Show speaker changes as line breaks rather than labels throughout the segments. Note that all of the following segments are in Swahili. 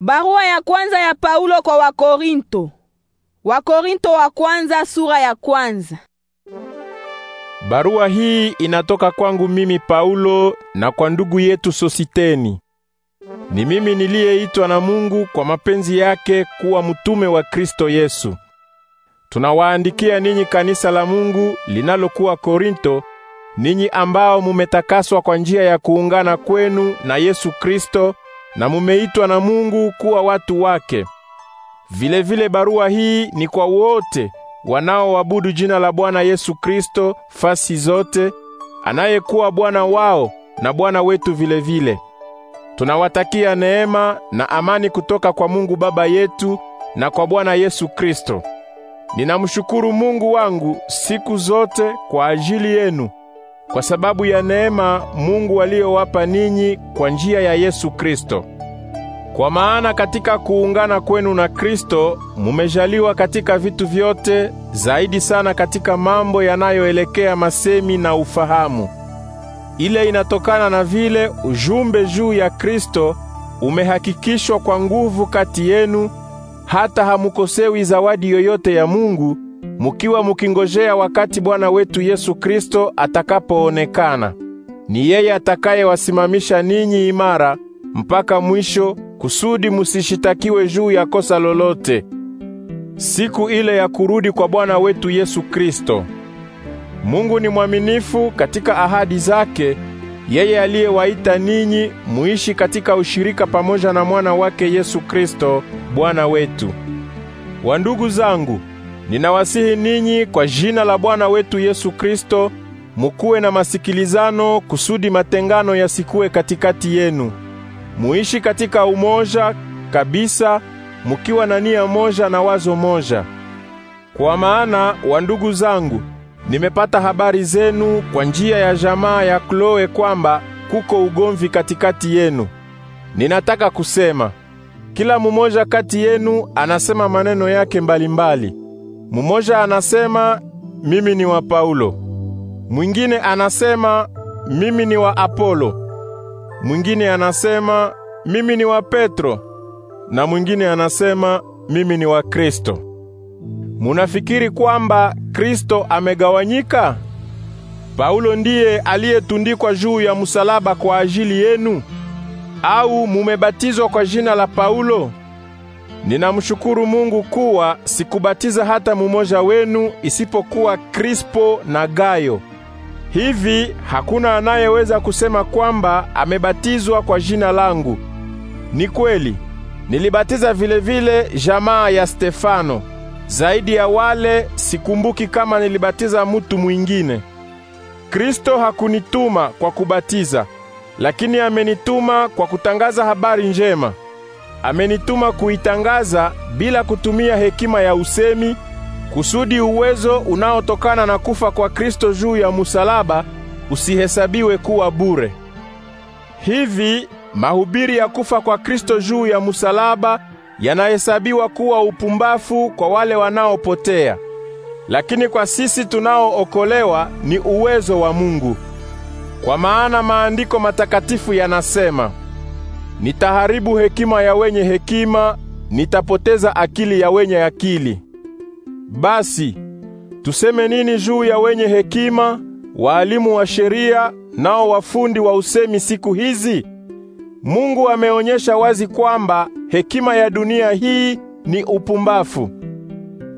Barua ya kwanza ya Paulo kwa Wakorinto. Wakorinto wa kwanza sura ya kwanza.
Barua hii inatoka kwangu mimi Paulo na kwa ndugu yetu Sositeni. Ni mimi niliyeitwa na Mungu kwa mapenzi yake kuwa mtume wa Kristo Yesu. Tunawaandikia ninyi kanisa la Mungu linalokuwa Korinto, ninyi ambao mumetakaswa kwa njia ya kuungana kwenu na Yesu Kristo na mumeitwa na Mungu kuwa watu wake. Vilevile vile barua hii ni kwa wote wanaoabudu jina la Bwana Yesu Kristo fasi zote, anayekuwa Bwana wao na Bwana wetu vilevile vile. Tunawatakia neema na amani kutoka kwa Mungu Baba yetu na kwa Bwana Yesu Kristo. Ninamshukuru Mungu wangu siku zote kwa ajili yenu kwa sababu ya neema Mungu aliyowapa ninyi kwa njia ya Yesu Kristo. Kwa maana katika kuungana kwenu na Kristo mumejaliwa katika vitu vyote, zaidi sana katika mambo yanayoelekea masemi na ufahamu. Ile inatokana na vile ujumbe juu ya Kristo umehakikishwa kwa nguvu kati yenu, hata hamukosewi zawadi yoyote ya Mungu mukiwa mukingojea wakati Bwana wetu Yesu Kristo atakapoonekana. Ni yeye atakayewasimamisha ninyi imara mpaka mwisho, kusudi musishitakiwe juu ya kosa lolote siku ile ya kurudi kwa Bwana wetu Yesu Kristo. Mungu ni mwaminifu katika ahadi zake, yeye aliyewaita ninyi muishi katika ushirika pamoja na mwana wake Yesu Kristo Bwana wetu. Wandugu zangu, Ninawasihi ninyi kwa jina la Bwana wetu Yesu Kristo mukuwe na masikilizano kusudi matengano yasikuwe katikati yenu. Muishi katika umoja kabisa mukiwa na nia moja na wazo moja. Kwa maana wa ndugu zangu, nimepata habari zenu kwa njia ya jamaa ya Kloe kwamba kuko ugomvi katikati yenu. Ninataka kusema kila mumoja kati yenu anasema maneno yake mbalimbali mbali. Mumoja anasema mimi ni wa Paulo, mwingine anasema mimi ni wa Apolo, mwingine anasema mimi ni wa Petro, na mwingine anasema mimi ni wa Kristo. Munafikiri kwamba Kristo amegawanyika? Paulo ndiye aliyetundikwa juu ya msalaba kwa ajili yenu? Au mumebatizwa kwa jina la Paulo? Ninamshukuru Mungu kuwa sikubatiza hata mumoja wenu isipokuwa Krispo na Gayo. Hivi hakuna anayeweza kusema kwamba amebatizwa kwa jina langu. Ni kweli, nilibatiza vile vile jamaa ya Stefano. Zaidi ya wale sikumbuki kama nilibatiza mutu mwingine. Kristo hakunituma kwa kubatiza, lakini amenituma kwa kutangaza habari njema amenituma kuitangaza bila kutumia hekima ya usemi, kusudi uwezo unaotokana na kufa kwa Kristo juu ya musalaba usihesabiwe kuwa bure. Hivi mahubiri ya kufa kwa Kristo juu ya musalaba yanahesabiwa kuwa upumbafu kwa wale wanaopotea, lakini kwa sisi tunaookolewa ni uwezo wa Mungu. Kwa maana maandiko matakatifu yanasema: Nitaharibu hekima ya wenye hekima, nitapoteza akili ya wenye akili. Basi tuseme nini juu ya wenye hekima, waalimu wa sheria, nao wafundi wa usemi siku hizi? Mungu ameonyesha wazi kwamba hekima ya dunia hii ni upumbafu.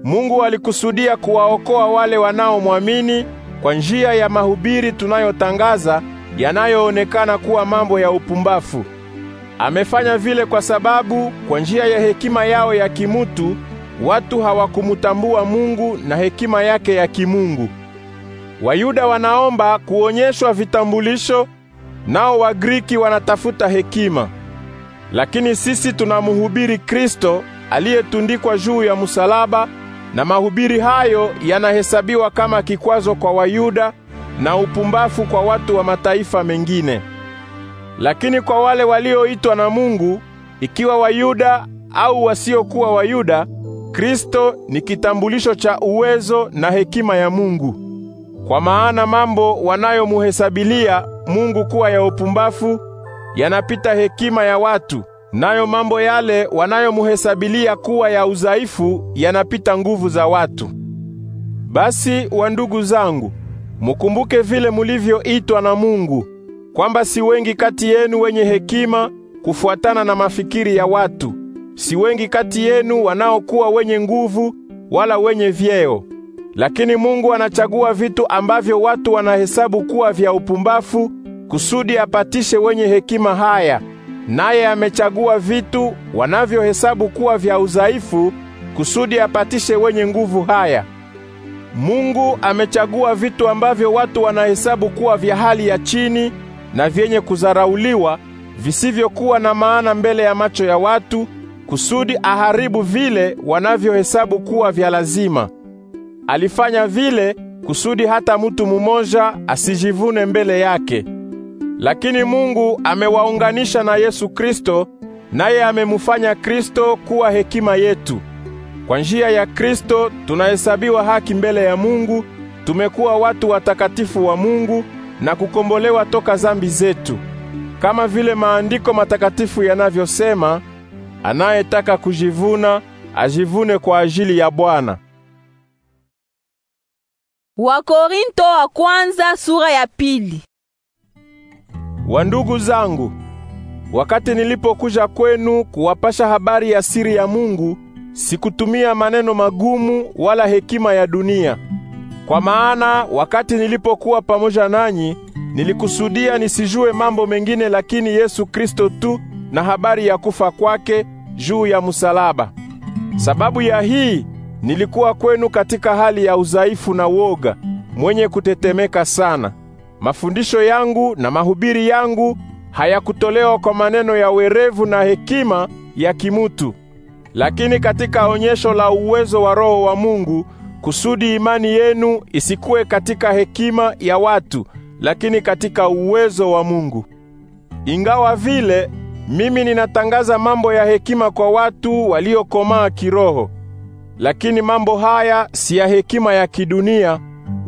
Mungu alikusudia kuwaokoa wale wanaomwamini kwa njia ya mahubiri tunayotangaza yanayoonekana kuwa mambo ya upumbafu. Amefanya vile kwa sababu kwa njia ya hekima yao ya kimutu watu hawakumutambua Mungu na hekima yake ya kimungu. Wayuda wanaomba kuonyeshwa vitambulisho, nao Wagriki wanatafuta hekima. Lakini sisi tunamhubiri Kristo aliyetundikwa juu ya msalaba, na mahubiri hayo yanahesabiwa kama kikwazo kwa Wayuda na upumbafu kwa watu wa mataifa mengine. Lakini kwa wale walioitwa na Mungu, ikiwa Wayuda au wasiokuwa Wayuda, Kristo ni kitambulisho cha uwezo na hekima ya Mungu. Kwa maana mambo wanayomuhesabilia Mungu kuwa ya upumbafu yanapita hekima ya watu, nayo mambo yale wanayomuhesabilia kuwa ya udhaifu yanapita nguvu za watu. Basi wandugu zangu, mukumbuke vile mulivyoitwa na Mungu kwamba si wengi kati yenu wenye hekima kufuatana na mafikiri ya watu, si wengi kati yenu wanaokuwa wenye nguvu wala wenye vyeo. Lakini Mungu anachagua vitu ambavyo watu wanahesabu kuwa vya upumbavu kusudi apatishe wenye hekima haya, naye amechagua vitu wanavyohesabu kuwa vya udhaifu kusudi apatishe wenye nguvu haya. Mungu amechagua vitu ambavyo watu wanahesabu kuwa vya hali ya chini na vyenye kuzarauliwa visivyokuwa na maana mbele ya macho ya watu, kusudi aharibu vile wanavyohesabu kuwa vya lazima. Alifanya vile kusudi hata mtu mmoja asijivune mbele yake. Lakini Mungu amewaunganisha na Yesu Kristo, naye amemufanya Kristo kuwa hekima yetu. Kwa njia ya Kristo tunahesabiwa haki mbele ya Mungu, tumekuwa watu watakatifu wa Mungu na kukombolewa toka zambi zetu, kama vile maandiko matakatifu yanavyosema, anayetaka kujivuna ajivune kwa ajili ya Bwana.
Wakorinto wa kwanza sura ya pili.
Wandugu zangu, wakati nilipokuja kwenu kuwapasha habari ya siri ya Mungu, sikutumia maneno magumu wala hekima ya dunia kwa maana wakati nilipokuwa pamoja nanyi nilikusudia nisijue mambo mengine lakini Yesu Kristo tu na habari ya kufa kwake juu ya msalaba. Sababu ya hii nilikuwa kwenu katika hali ya udhaifu na woga, mwenye kutetemeka sana. Mafundisho yangu na mahubiri yangu hayakutolewa kwa maneno ya werevu na hekima ya kimutu, lakini katika onyesho la uwezo wa Roho wa Mungu kusudi imani yenu isikuwe katika hekima ya watu, lakini katika uwezo wa Mungu. Ingawa vile mimi ninatangaza mambo ya hekima kwa watu waliokomaa kiroho, lakini mambo haya si ya hekima ya kidunia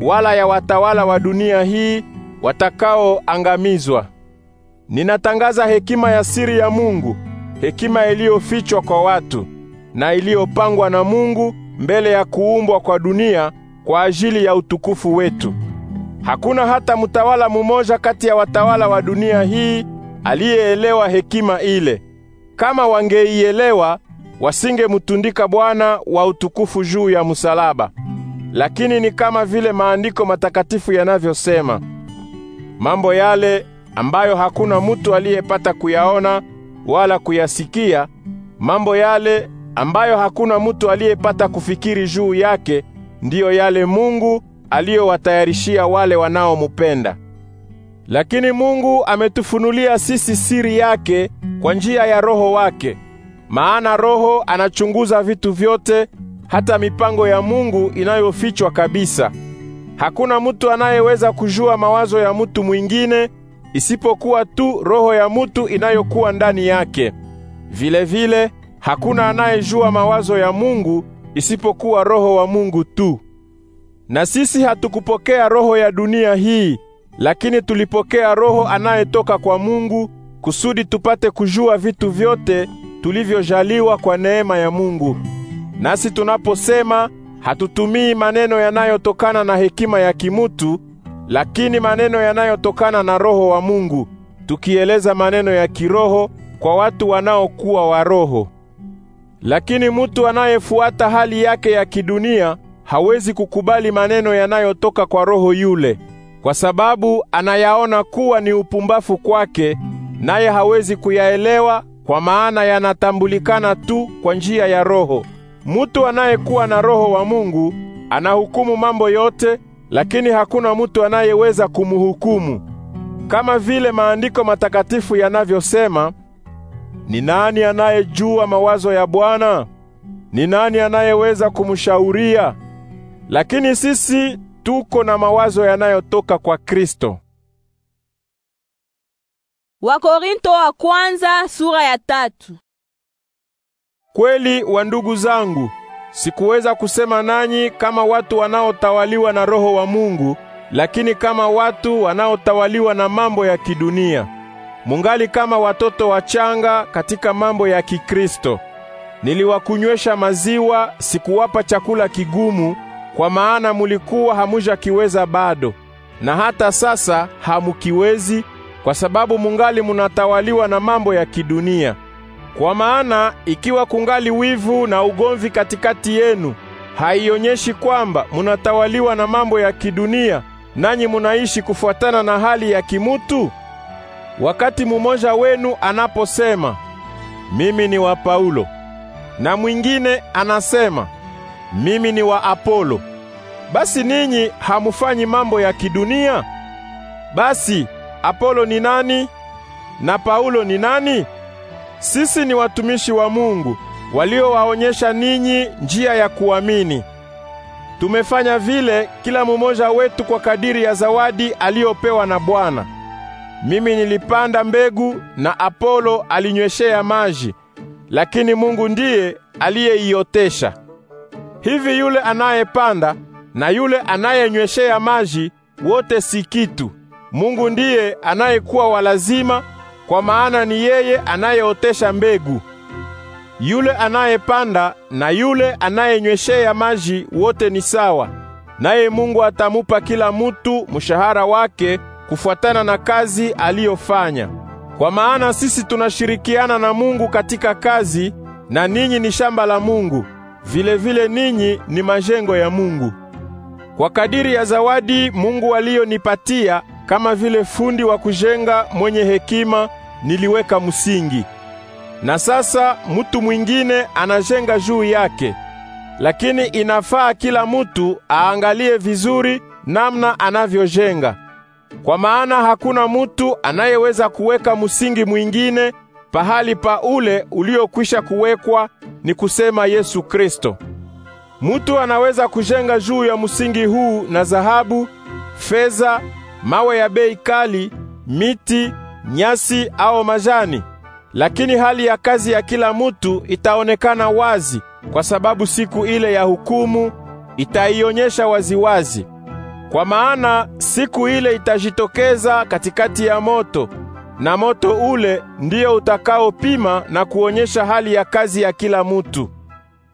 wala ya watawala wa dunia hii watakaoangamizwa. Ninatangaza hekima ya siri ya Mungu, hekima iliyofichwa kwa watu na iliyopangwa na Mungu mbele ya kuumbwa kwa dunia kwa ajili ya utukufu wetu. Hakuna hata mtawala mumoja kati ya watawala wa dunia hii aliyeelewa hekima ile. Kama wangeielewa, wasingemutundika Bwana wa utukufu juu ya msalaba. Lakini ni kama vile maandiko matakatifu yanavyosema, mambo yale ambayo hakuna mutu aliyepata kuyaona wala kuyasikia, mambo yale ambayo hakuna mtu aliyepata kufikiri juu yake, ndiyo yale Mungu aliyowatayarishia wale wanaomupenda. Lakini Mungu ametufunulia sisi siri yake kwa njia ya Roho wake. Maana Roho anachunguza vitu vyote, hata mipango ya Mungu inayofichwa kabisa. Hakuna mtu anayeweza kujua mawazo ya mtu mwingine isipokuwa tu roho ya mtu inayokuwa ndani yake. Vile vile Hakuna anayejua mawazo ya Mungu isipokuwa Roho wa Mungu tu. Na sisi hatukupokea roho ya dunia hii, lakini tulipokea Roho anayetoka kwa Mungu kusudi tupate kujua vitu vyote tulivyojaliwa kwa neema ya Mungu. Nasi tunaposema hatutumii maneno yanayotokana na hekima ya kimutu, lakini maneno yanayotokana na Roho wa Mungu, tukieleza maneno ya kiroho kwa watu wanaokuwa wa roho. Lakini mutu anayefuata hali yake ya kidunia hawezi kukubali maneno yanayotoka kwa roho yule, kwa sababu anayaona kuwa ni upumbafu kwake, naye hawezi kuyaelewa kwa maana yanatambulikana tu kwa njia ya roho. Mutu anayekuwa na roho wa Mungu anahukumu mambo yote, lakini hakuna mutu anayeweza kumhukumu. Kama vile maandiko matakatifu yanavyosema, ni nani anayejua mawazo ya Bwana? Ni nani anayeweza kumshauria? Lakini sisi tuko na mawazo yanayotoka kwa Kristo.
Wakorinto wa kwanza sura ya tatu.
Kweli wa ndugu zangu, sikuweza kusema nanyi kama watu wanaotawaliwa na Roho wa Mungu, lakini kama watu wanaotawaliwa na mambo ya kidunia mungali kama watoto wachanga katika mambo ya Kikristo. Niliwakunywesha maziwa, sikuwapa chakula kigumu, kwa maana mulikuwa hamujakiweza bado, na hata sasa hamukiwezi, kwa sababu mungali munatawaliwa na mambo ya kidunia. Kwa maana ikiwa kungali wivu na ugomvi katikati yenu, haionyeshi kwamba munatawaliwa na mambo ya kidunia, nanyi munaishi kufuatana na hali ya kimutu? Wakati mumoja wenu anaposema mimi ni wa Paulo, na mwingine anasema mimi ni wa Apolo, basi ninyi hamufanyi mambo ya kidunia? Basi Apolo ni nani na Paulo ni nani? Sisi ni watumishi wa Mungu waliowaonyesha ninyi njia ya kuamini. Tumefanya vile kila mumoja wetu kwa kadiri ya zawadi aliyopewa na Bwana. Mimi nilipanda mbegu na Apolo alinyweshea maji, lakini Mungu ndiye aliyeiotesha. Hivi yule anayepanda na yule anayenyweshea maji wote si kitu. Mungu ndiye anayekuwa walazima, kwa maana ni yeye anayeotesha mbegu. Yule anayepanda na yule anayenyweshea maji wote ni sawa, naye Mungu atamupa kila mutu mshahara wake kufuatana na kazi aliyofanya. Kwa maana sisi tunashirikiana na Mungu katika kazi, na ninyi ni shamba la Mungu, vilevile ninyi ni majengo ya Mungu. Kwa kadiri ya zawadi Mungu aliyonipatia kama vile fundi wa kujenga mwenye hekima, niliweka msingi, na sasa mtu mwingine anajenga juu yake. Lakini inafaa kila mtu aangalie vizuri namna anavyojenga. Kwa maana hakuna mutu anayeweza kuweka msingi mwingine pahali pa ule uliokwisha kuwekwa, ni kusema Yesu Kristo. Mutu anaweza kujenga juu ya msingi huu na dhahabu, fedha, mawe ya bei kali, miti, nyasi au majani, lakini hali ya kazi ya kila mutu itaonekana wazi, kwa sababu siku ile ya hukumu itaionyesha waziwazi. Kwa maana siku ile itajitokeza katikati ya moto, na moto ule ndiyo utakaopima na kuonyesha hali ya kazi ya kila mutu.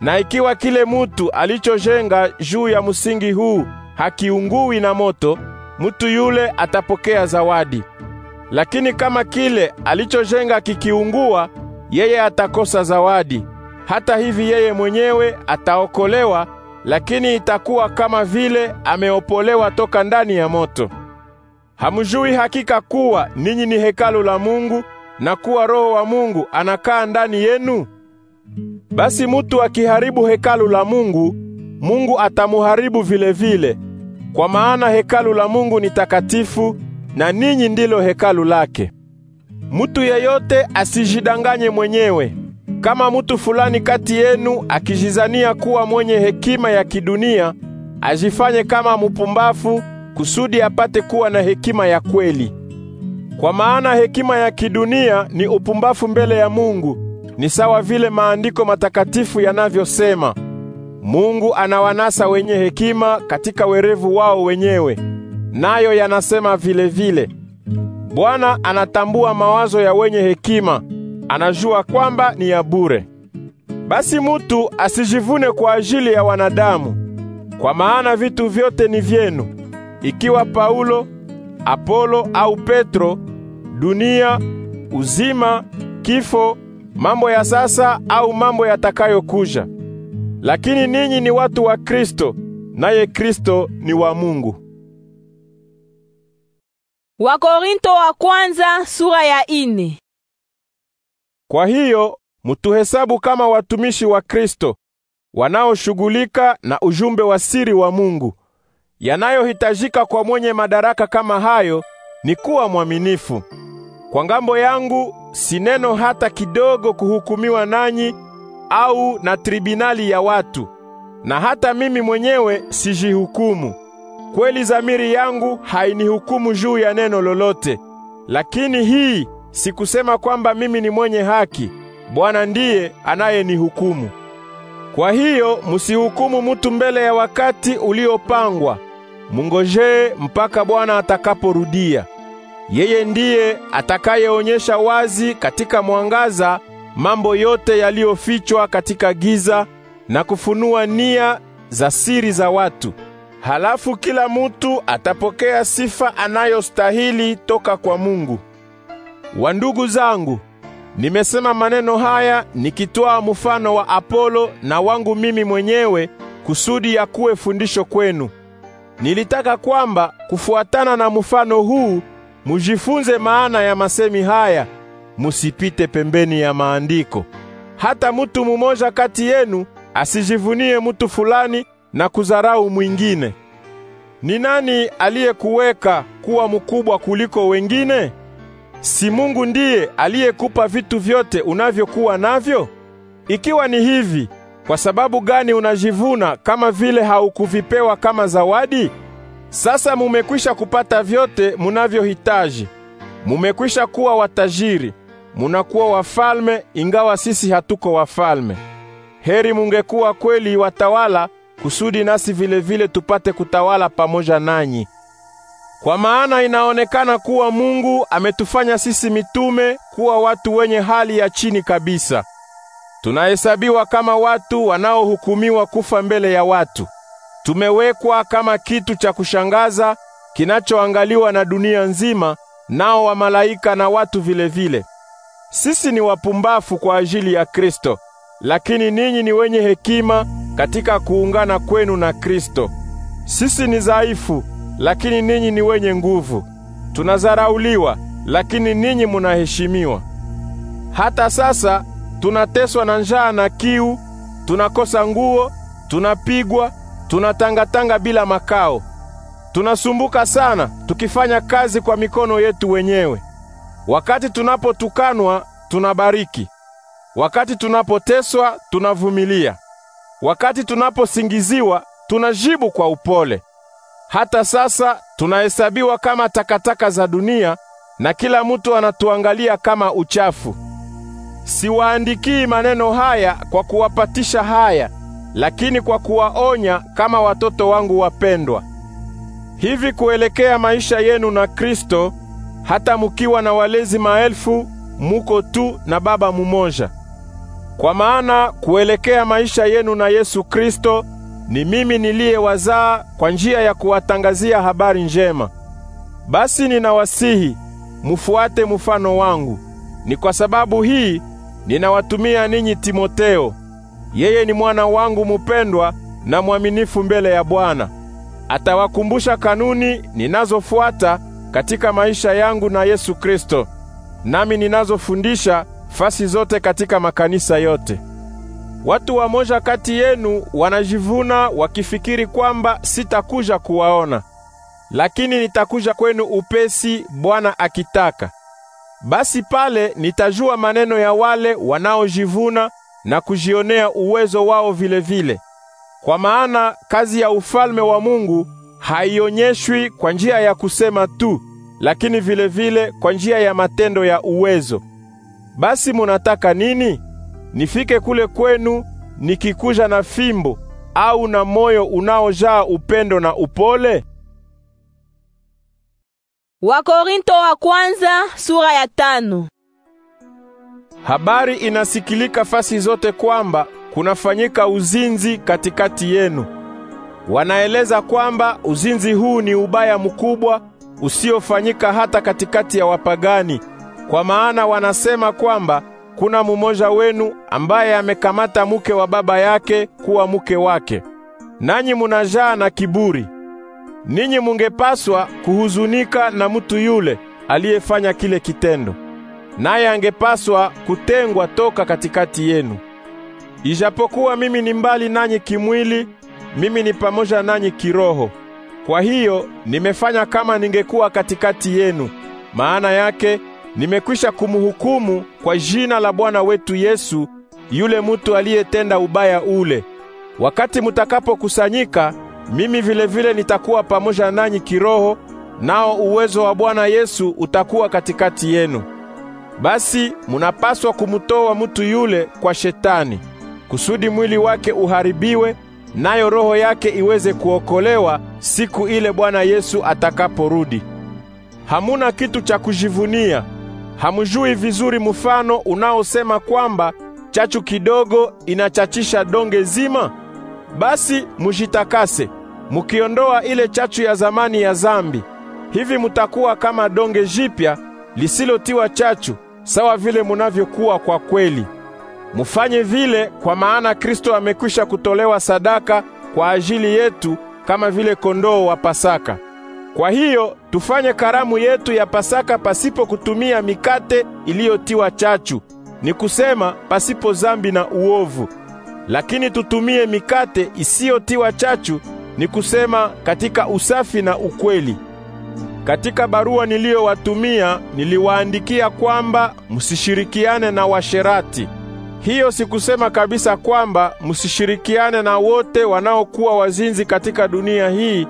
Na ikiwa kile mutu alichojenga juu ya msingi huu hakiungui na moto, mutu yule atapokea zawadi. Lakini kama kile alichojenga kikiungua, yeye atakosa zawadi. Hata hivi yeye mwenyewe ataokolewa lakini itakuwa kama vile ameopolewa toka ndani ya moto. Hamjui hakika kuwa ninyi ni hekalu la Mungu na kuwa Roho wa Mungu anakaa ndani yenu? Basi mutu akiharibu hekalu la Mungu, Mungu atamuharibu vile vile, kwa maana hekalu la Mungu ni takatifu na ninyi ndilo hekalu lake. Mutu yeyote asijidanganye mwenyewe. Kama mutu fulani kati yenu akijizania kuwa mwenye hekima ya kidunia, ajifanye kama mupumbafu kusudi apate kuwa na hekima ya kweli. Kwa maana hekima ya kidunia ni upumbafu mbele ya Mungu. Ni sawa vile maandiko matakatifu yanavyosema, Mungu anawanasa wenye hekima katika werevu wao wenyewe. Nayo yanasema vile vile, Bwana anatambua mawazo ya wenye hekima anajua kwamba ni ya bure. Basi mutu asijivune kwa ajili ya wanadamu, kwa maana vitu vyote ni vyenu, ikiwa Paulo, Apolo au Petro, dunia, uzima, kifo, mambo ya sasa au mambo yatakayokuja. Lakini ninyi ni watu wa Kristo, naye
Kristo ni wa Mungu. Wakorinto wa kwanza sura ya ine.
Kwa hiyo
mtuhesabu
kama watumishi wa Kristo wanaoshughulika na ujumbe wa siri wa Mungu. Yanayohitajika kwa mwenye madaraka kama hayo ni kuwa mwaminifu. Kwa ngambo yangu si neno hata kidogo kuhukumiwa nanyi au na tribinali ya watu, na hata mimi mwenyewe sijihukumu. Kweli zamiri yangu hainihukumu juu ya neno lolote, lakini hii Sikusema kwamba mimi ni mwenye haki. Bwana ndiye anayenihukumu. Kwa hiyo msihukumu mutu mbele ya wakati uliopangwa. Mungojee mpaka Bwana atakaporudia. Yeye ndiye atakayeonyesha wazi katika mwangaza mambo yote yaliyofichwa katika giza na kufunua nia za siri za watu. Halafu kila mutu atapokea sifa anayostahili toka kwa Mungu. Wandugu zangu, nimesema maneno haya nikitoa mfano wa Apolo na wangu mimi mwenyewe kusudi ya kuwe fundisho kwenu. Nilitaka kwamba kufuatana na mfano huu mujifunze maana ya masemi haya, musipite pembeni ya maandiko. Hata mutu mumoja kati yenu asijivunie mutu fulani na kudharau mwingine. Ni nani aliyekuweka kuwa mkubwa kuliko wengine? Si Mungu ndiye aliyekupa vitu vyote unavyokuwa navyo? Ikiwa ni hivi, kwa sababu gani unajivuna kama vile haukuvipewa kama zawadi? Sasa mumekwisha kupata vyote munavyohitaji. Mumekwisha kuwa watajiri, munakuwa wafalme ingawa sisi hatuko wafalme. Heri mungekuwa kweli watawala kusudi nasi vile vile tupate kutawala pamoja nanyi. Kwa maana inaonekana kuwa Mungu ametufanya sisi mitume kuwa watu wenye hali ya chini kabisa. Tunahesabiwa kama watu wanaohukumiwa kufa mbele ya watu. Tumewekwa kama kitu cha kushangaza kinachoangaliwa na dunia nzima, nao wa malaika na watu vilevile vile. Sisi ni wapumbafu kwa ajili ya Kristo, lakini ninyi ni wenye hekima katika kuungana kwenu na Kristo. Sisi ni dhaifu lakini ninyi ni wenye nguvu. Tunazarauliwa, lakini ninyi munaheshimiwa. Hata sasa tunateswa na njaa na kiu, tunakosa nguo, tunapigwa, tunatangatanga bila makao. Tunasumbuka sana tukifanya kazi kwa mikono yetu wenyewe. Wakati tunapotukanwa tunabariki, wakati tunapoteswa tunavumilia, wakati tunaposingiziwa tunajibu kwa upole. Hata sasa tunahesabiwa kama takataka za dunia na kila mtu anatuangalia kama uchafu. Siwaandikii maneno haya kwa kuwapatisha haya, lakini kwa kuwaonya kama watoto wangu wapendwa. Hivi kuelekea maisha yenu na Kristo, hata mukiwa na walezi maelfu, muko tu na Baba mumoja. Kwa maana kuelekea maisha yenu na Yesu Kristo ni mimi niliyewazaa kwa njia ya kuwatangazia habari njema. Basi ninawasihi mufuate mfano wangu. Ni kwa sababu hii ninawatumia ninyi Timoteo. Yeye ni mwana wangu mupendwa na mwaminifu mbele ya Bwana. Atawakumbusha kanuni ninazofuata katika maisha yangu na Yesu Kristo, nami ninazofundisha fasi zote katika makanisa yote. Watu wamoja kati yenu wanajivuna wakifikiri kwamba sitakuja kuwaona, lakini nitakuja kwenu upesi, Bwana akitaka. Basi pale nitajua maneno ya wale wanaojivuna na kujionea uwezo wao vilevile vile. Kwa maana kazi ya ufalme wa Mungu haionyeshwi kwa njia ya kusema tu, lakini vile vile kwa njia ya matendo ya uwezo. Basi munataka nini? nifike kule kwenu nikikuja na fimbo au na moyo unaojaa upendo na upole?
Wakorinto wa kwanza
sura ya tano. Habari inasikilika fasi zote kwamba kunafanyika uzinzi katikati yenu. Wanaeleza kwamba uzinzi huu ni ubaya mkubwa usiofanyika hata katikati ya wapagani, kwa maana wanasema kwamba kuna mumoja wenu ambaye amekamata muke wa baba yake kuwa muke wake, nanyi munajaa na kiburi. Ninyi mungepaswa kuhuzunika na mutu yule aliyefanya kile kitendo, naye angepaswa kutengwa toka katikati yenu. Ijapokuwa mimi ni mbali nanyi kimwili, mimi ni pamoja nanyi kiroho. Kwa hiyo nimefanya kama ningekuwa katikati yenu, maana yake nimekwisha kumhukumu kwa jina la Bwana wetu Yesu yule mutu aliyetenda ubaya ule. Wakati mutakapokusanyika, mimi vilevile vile nitakuwa pamoja nanyi kiroho, nao uwezo wa Bwana Yesu utakuwa katikati yenu. Basi munapaswa kumtoa mutu yule kwa Shetani, kusudi mwili wake uharibiwe, nayo roho yake iweze kuokolewa siku ile Bwana Yesu atakaporudi. Hamuna kitu cha kujivunia Hamjui vizuri mfano unaosema kwamba chachu kidogo inachachisha donge zima? Basi mujitakase, mukiondoa ile chachu ya zamani ya zambi, hivi mutakuwa kama donge jipya lisilotiwa chachu, sawa vile munavyokuwa kwa kweli. Mufanye vile kwa maana Kristo amekwisha kutolewa sadaka kwa ajili yetu kama vile kondoo wa Pasaka. Kwa hiyo tufanye karamu yetu ya Pasaka pasipo kutumia mikate iliyotiwa chachu, ni kusema pasipo zambi na uovu, lakini tutumie mikate isiyotiwa chachu, ni kusema katika usafi na ukweli. Katika barua niliyowatumia niliwaandikia kwamba msishirikiane na washerati. Hiyo sikusema kabisa kwamba msishirikiane na wote wanaokuwa wazinzi katika dunia hii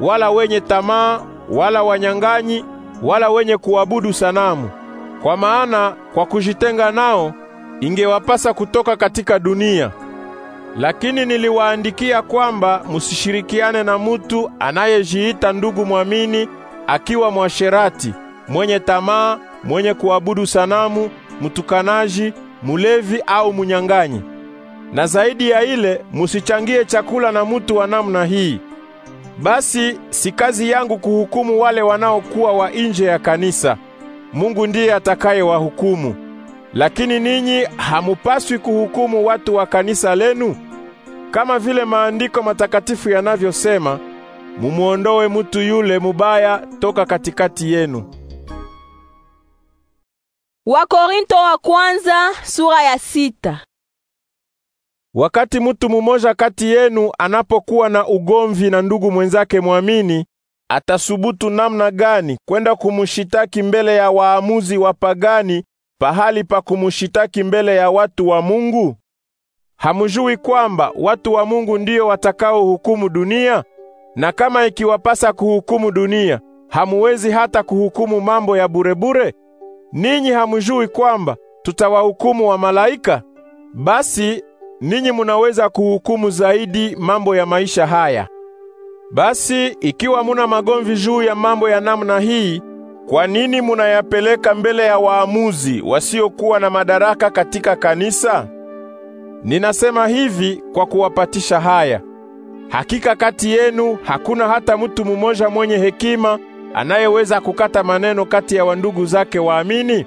wala wenye tamaa, wala wanyang'anyi, wala wenye kuabudu sanamu. Kwa maana kwa kujitenga nao ingewapasa kutoka katika dunia. Lakini niliwaandikia kwamba musishirikiane na mutu anayejiita ndugu mwamini, akiwa mwasherati, mwenye tamaa, mwenye kuabudu sanamu, mtukanaji, mulevi au munyang'anyi. Na zaidi ya ile, musichangie chakula na mutu wa namna hii, basi si kazi yangu kuhukumu wale wanaokuwa wa nje ya kanisa. Mungu ndiye atakayewahukumu. Lakini ninyi hamupaswi kuhukumu watu wa kanisa lenu, kama vile maandiko matakatifu yanavyosema, mumuondoe mutu yule mubaya toka katikati yenu.
Wakorinto wa kwanza sura ya sita.
Wakati mtu mmoja kati yenu anapokuwa na ugomvi na ndugu mwenzake mwamini, atasubutu namna gani kwenda kumshitaki mbele ya waamuzi wapagani pahali pa kumshitaki mbele ya watu wa Mungu? Hamjui kwamba watu wa Mungu ndio watakaohukumu dunia? Na kama ikiwapasa kuhukumu dunia, hamuwezi hata kuhukumu mambo ya burebure? Ninyi hamjui kwamba tutawahukumu wa malaika? Basi ninyi munaweza kuhukumu zaidi mambo ya maisha haya. Basi ikiwa muna magomvi juu ya mambo ya namna hii, kwa nini munayapeleka mbele ya waamuzi wasiokuwa na madaraka katika kanisa? Ninasema hivi kwa kuwapatisha haya. Hakika kati yenu hakuna hata mtu mmoja mwenye hekima anayeweza kukata maneno kati ya wandugu zake waamini.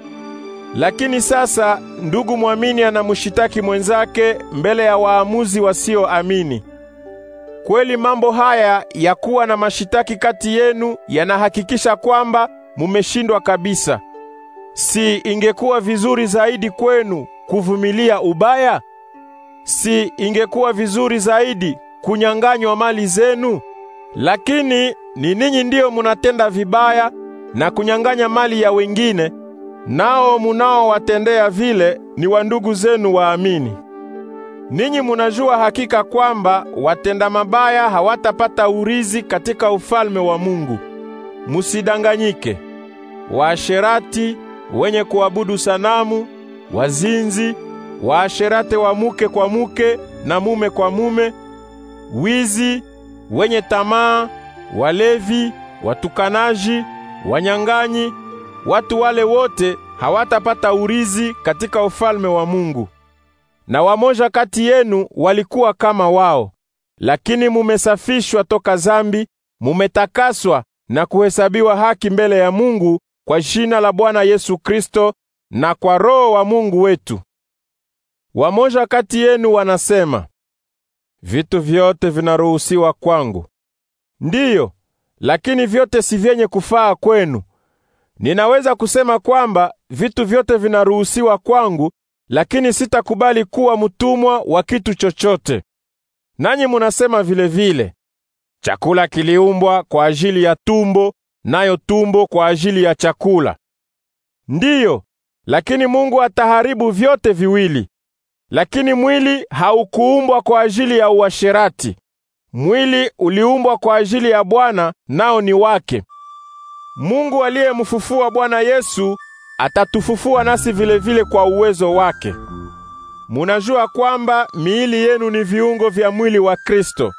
Lakini sasa ndugu mwamini anamshitaki mwenzake mbele ya waamuzi wasioamini. Kweli mambo haya ya kuwa na mashitaki kati yenu yanahakikisha kwamba mumeshindwa kabisa. Si ingekuwa vizuri zaidi kwenu kuvumilia ubaya? Si ingekuwa vizuri zaidi kunyang'anywa mali zenu? Lakini ni ninyi ndiyo munatenda vibaya na kunyang'anya mali ya wengine nao munaowatendea vile ni wandugu zenu waamini. Ninyi munajua hakika kwamba watenda mabaya hawatapata urizi katika ufalme wa Mungu. Musidanganyike. Waasherati, wenye kuabudu sanamu, wazinzi, waasherate wa muke kwa muke na mume kwa mume, wizi, wenye tamaa, walevi, watukanaji, wanyang'anyi watu wale wote hawatapata urizi katika ufalme wa Mungu. Na wamoja kati yenu walikuwa kama wao, lakini mumesafishwa toka zambi, mumetakaswa na kuhesabiwa haki mbele ya Mungu kwa jina la Bwana Yesu Kristo na kwa Roho wa Mungu wetu. Wamoja kati yenu wanasema, vitu vyote vinaruhusiwa kwangu. Ndiyo, lakini vyote si vyenye kufaa kwenu. Ninaweza kusema kwamba vitu vyote vinaruhusiwa kwangu, lakini sitakubali kuwa mtumwa wa kitu chochote. Nanyi munasema vile vile, chakula kiliumbwa kwa ajili ya tumbo, nayo tumbo kwa ajili ya chakula. Ndiyo, lakini Mungu ataharibu vyote viwili. Lakini mwili haukuumbwa kwa ajili ya uasherati. Mwili uliumbwa kwa ajili ya Bwana, nao ni wake. Mungu aliyemfufua Bwana Yesu atatufufua nasi vilevile vile kwa uwezo wake. Munajua kwamba miili yenu ni viungo vya mwili wa Kristo.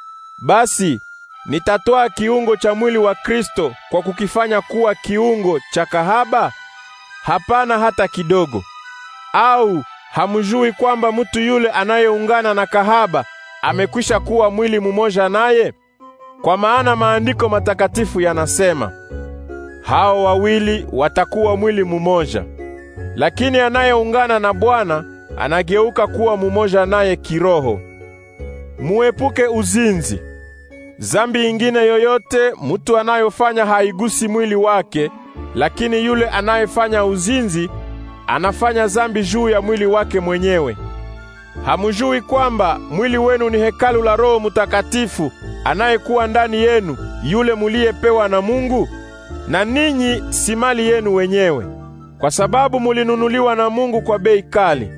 Basi nitatoa kiungo cha mwili wa Kristo kwa kukifanya kuwa kiungo cha kahaba? Hapana hata kidogo. Au hamjui kwamba mtu yule anayeungana na kahaba amekwisha kuwa mwili mmoja naye? Kwa maana maandiko matakatifu yanasema, hao wawili watakuwa mwili mumoja. Lakini anayeungana na Bwana anageuka kuwa mumoja naye kiroho. Muepuke uzinzi. Zambi ingine yoyote mutu anayofanya haigusi mwili wake, lakini yule anayefanya uzinzi anafanya zambi juu ya mwili wake mwenyewe. Hamujui kwamba mwili wenu ni hekalu la Roho Mutakatifu anayekuwa ndani yenu, yule muliyepewa na Mungu? na ninyi si mali yenu wenyewe, kwa sababu mulinunuliwa na Mungu kwa bei kali.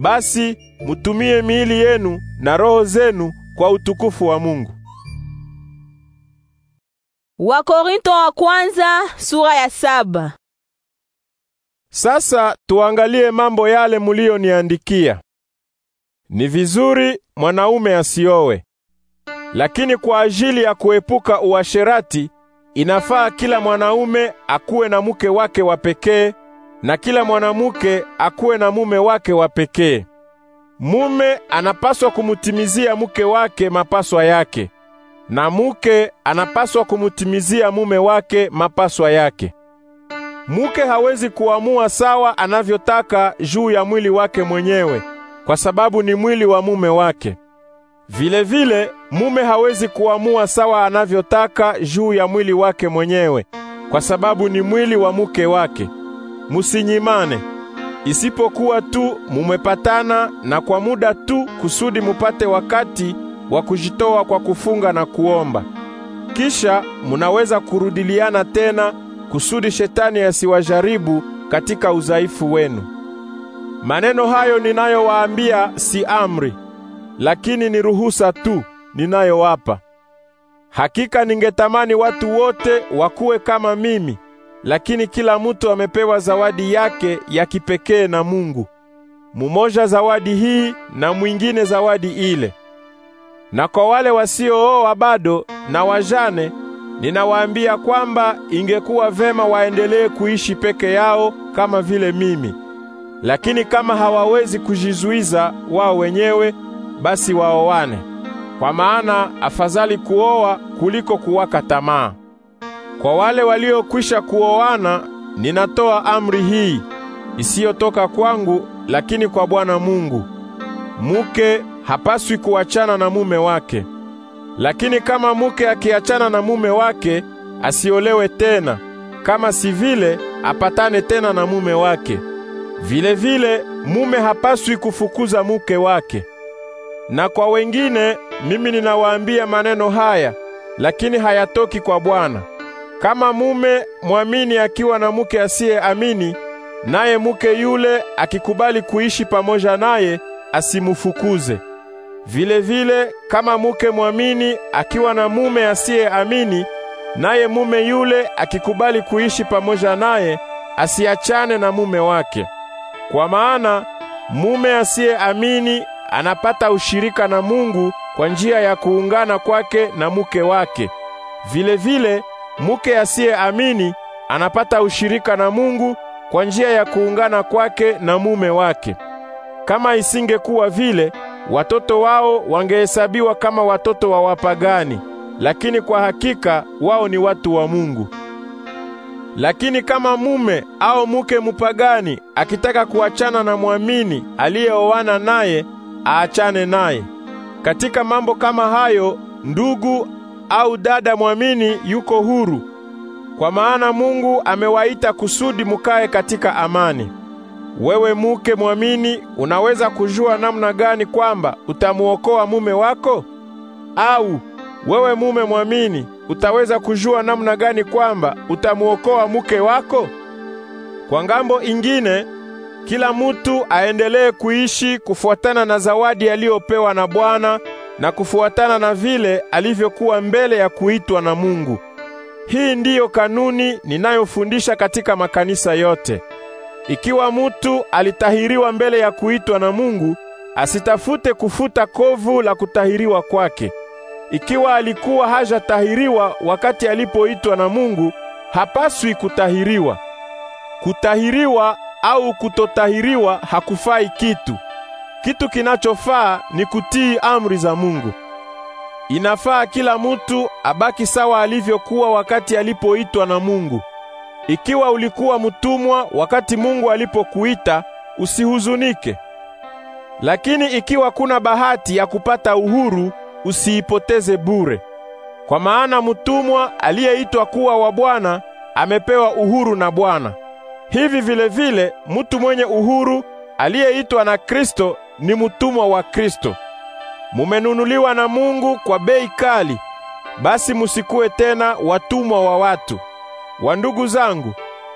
Basi mutumie miili yenu na roho zenu kwa utukufu wa Mungu.
Wakorinto wa kwanza, sura ya saba.
Sasa tuangalie mambo yale muliyoniandikia. Ni vizuri mwanaume asiowe, lakini kwa ajili ya kuepuka uasherati Inafaa kila mwanaume akuwe na muke wake wa pekee na kila mwanamuke akuwe na mume wake wa pekee. Mume anapaswa kumutimizia muke wake mapaswa yake, na muke anapaswa kumutimizia mume wake mapaswa yake. Muke hawezi kuamua sawa anavyotaka juu ya mwili wake mwenyewe, kwa sababu ni mwili wa mume wake vile vile, mume hawezi kuamua sawa anavyotaka juu ya mwili wake mwenyewe, kwa sababu ni mwili wa muke wake. Musinyimane, isipokuwa tu mumepatana na kwa muda tu, kusudi mupate wakati wa kujitoa kwa kufunga na kuomba. Kisha munaweza kurudiliana tena, kusudi shetani asiwajaribu katika udhaifu wenu. Maneno hayo ninayowaambia si amri lakini ni ruhusa tu ninayowapa. Hakika ningetamani watu wote wakuwe kama mimi, lakini kila mtu amepewa zawadi yake ya kipekee na Mungu. Mumoja zawadi hii na mwingine zawadi ile. Na kwa wale wasiooa bado na wajane, ninawaambia kwamba ingekuwa vema waendelee kuishi peke yao kama vile mimi. Lakini kama hawawezi kujizuiza wao wenyewe basi waowane, kwa maana afadhali kuoa kuliko kuwaka tamaa. Kwa wale waliokwisha kuoana, ninatoa amri hii isiyotoka kwangu, lakini kwa Bwana Mungu: muke hapaswi kuachana na mume wake. Lakini kama muke akiachana na mume wake, asiolewe tena; kama si vile, apatane tena na mume wake. vile vile, mume hapaswi kufukuza muke wake. Na kwa wengine mimi ninawaambia maneno haya, lakini hayatoki kwa Bwana. Kama mume mwamini akiwa na mke asiyeamini, naye mke yule akikubali kuishi pamoja naye, asimufukuze. Vile vile kama mke mwamini akiwa na mume asiyeamini, naye mume yule akikubali kuishi pamoja naye, asiachane na mume wake. Kwa maana mume asiyeamini anapata ushirika na Mungu kwa njia ya kuungana kwake na muke wake. vile vile, muke asiyeamini anapata ushirika na Mungu kwa njia ya kuungana kwake na mume wake. Kama isingekuwa vile, watoto wao wangehesabiwa kama watoto wa wapagani, lakini kwa hakika wao ni watu wa Mungu. Lakini kama mume au muke mupagani akitaka kuachana na mwamini aliyeoana naye aachane naye. Katika mambo kama hayo, ndugu au dada mwamini yuko huru, kwa maana Mungu amewaita kusudi mukae katika amani. Wewe muke mwamini, unaweza kujua namna gani kwamba utamuokoa mume wako? Au wewe mume mwamini, utaweza kujua namna gani kwamba utamuokoa muke wako? Kwa ngambo ingine kila mutu aendelee kuishi kufuatana na zawadi aliyopewa na Bwana na kufuatana na vile alivyokuwa mbele ya kuitwa na Mungu. Hii ndiyo kanuni ninayofundisha katika makanisa yote. Ikiwa mutu alitahiriwa mbele ya kuitwa na Mungu, asitafute kufuta kovu la kutahiriwa kwake. Ikiwa alikuwa hajatahiriwa wakati alipoitwa na Mungu, hapaswi kutahiriwa. Kutahiriwa au kutotahiriwa hakufai kitu. Kitu kinachofaa ni kutii amri za Mungu. Inafaa kila mtu abaki sawa alivyokuwa wakati alipoitwa na Mungu. Ikiwa ulikuwa mtumwa wakati Mungu alipokuita, usihuzunike. Lakini ikiwa kuna bahati ya kupata uhuru, usiipoteze bure. Kwa maana mtumwa aliyeitwa kuwa wa Bwana amepewa uhuru na Bwana. Hivi vile vile mtu mwenye uhuru aliyeitwa na Kristo ni mtumwa wa Kristo. Mumenunuliwa na Mungu kwa bei kali, basi musikuwe tena watumwa wa watu. wa ndugu zangu,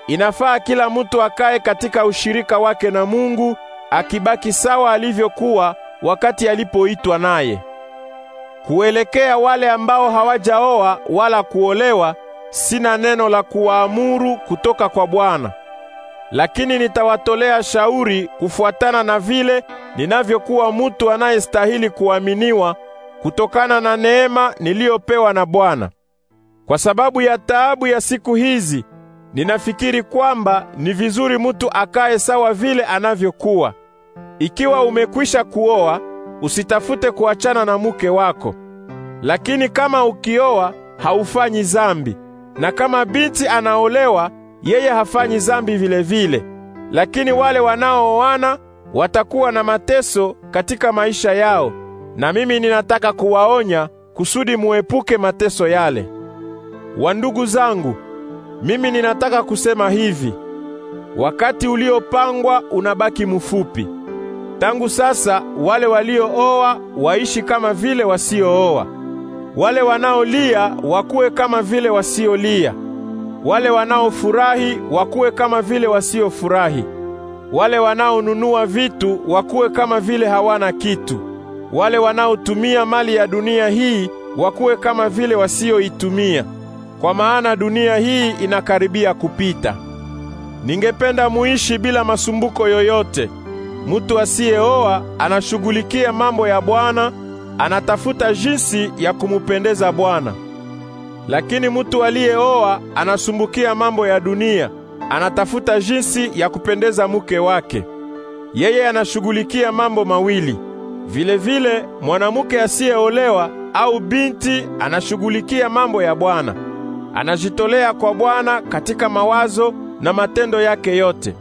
inafaa kila mtu akae katika ushirika wake na Mungu, akibaki sawa alivyokuwa wakati alipoitwa naye. Kuelekea wale ambao hawajaoa wala kuolewa, sina neno la kuwaamuru kutoka kwa Bwana lakini nitawatolea shauri kufuatana na vile ninavyokuwa mutu anayestahili kuaminiwa kutokana na neema niliyopewa na Bwana. Kwa sababu ya taabu ya siku hizi, ninafikiri kwamba ni vizuri mutu akae sawa vile anavyokuwa. Ikiwa umekwisha kuoa, usitafute kuachana na muke wako. Lakini kama ukioa, haufanyi zambi. Na kama binti anaolewa yeye hafanyi zambi vilevile vile. Lakini wale wanaooana watakuwa na mateso katika maisha yao, na mimi ninataka kuwaonya kusudi muepuke mateso yale. Wandugu zangu, mimi ninataka kusema hivi: wakati uliopangwa unabaki mfupi. Tangu sasa wale waliooa waishi kama vile wasiooa, wale wanaolia wakuwe kama vile wasiolia, wale wanaofurahi wakuwe kama vile wasiofurahi. Wale wanaonunua vitu wakuwe kama vile hawana kitu. Wale wanaotumia mali ya dunia hii wakuwe kama vile wasioitumia, kwa maana dunia hii inakaribia kupita. Ningependa muishi bila masumbuko yoyote. Mtu asiyeoa anashughulikia mambo ya Bwana, anatafuta jinsi ya kumupendeza Bwana. Lakini mutu aliyeoa anasumbukia mambo ya dunia, anatafuta jinsi ya kupendeza muke wake. Yeye anashughulikia mambo mawili. Vilevile mwanamke asiyeolewa au binti anashughulikia mambo ya Bwana. Anajitolea kwa Bwana katika mawazo na matendo yake yote.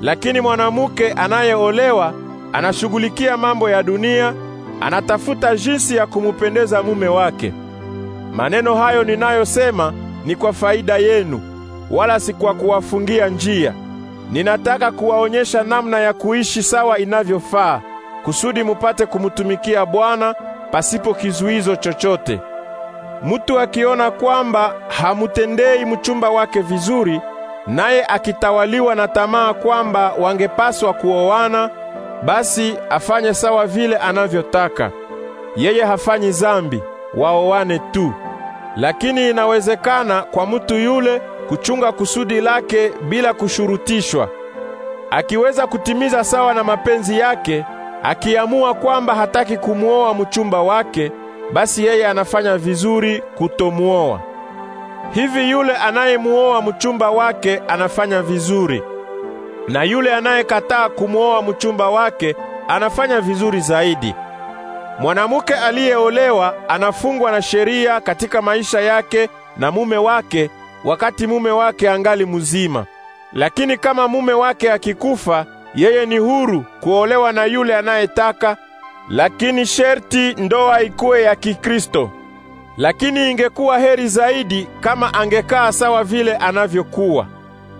Lakini mwanamke anayeolewa anashughulikia mambo ya dunia, anatafuta jinsi ya kumupendeza mume wake. Maneno hayo ninayosema ni kwa faida yenu, wala si kwa kuwafungia njia. Ninataka kuwaonyesha namna ya kuishi sawa inavyofaa, kusudi mupate kumtumikia Bwana pasipo kizuizo chochote. Mtu akiona kwamba hamutendei mchumba wake vizuri, naye akitawaliwa na tamaa kwamba wangepaswa kuoana, basi afanye sawa vile anavyotaka. Yeye hafanyi zambi, waoane tu lakini inawezekana kwa mtu yule kuchunga kusudi lake bila kushurutishwa, akiweza kutimiza sawa na mapenzi yake. Akiamua kwamba hataki kumwoa mchumba wake, basi yeye anafanya vizuri kutomwoa. Hivi yule anayemwoa mchumba wake anafanya vizuri, na yule anayekataa kumwoa mchumba wake anafanya vizuri zaidi, Mwanamke aliyeolewa anafungwa na sheria katika maisha yake na mume wake wakati mume wake angali mzima. Lakini kama mume wake akikufa, yeye ni huru kuolewa na yule anayetaka, lakini sherti ndoa ikuwe ya Kikristo. Lakini ingekuwa heri zaidi kama angekaa sawa vile anavyokuwa.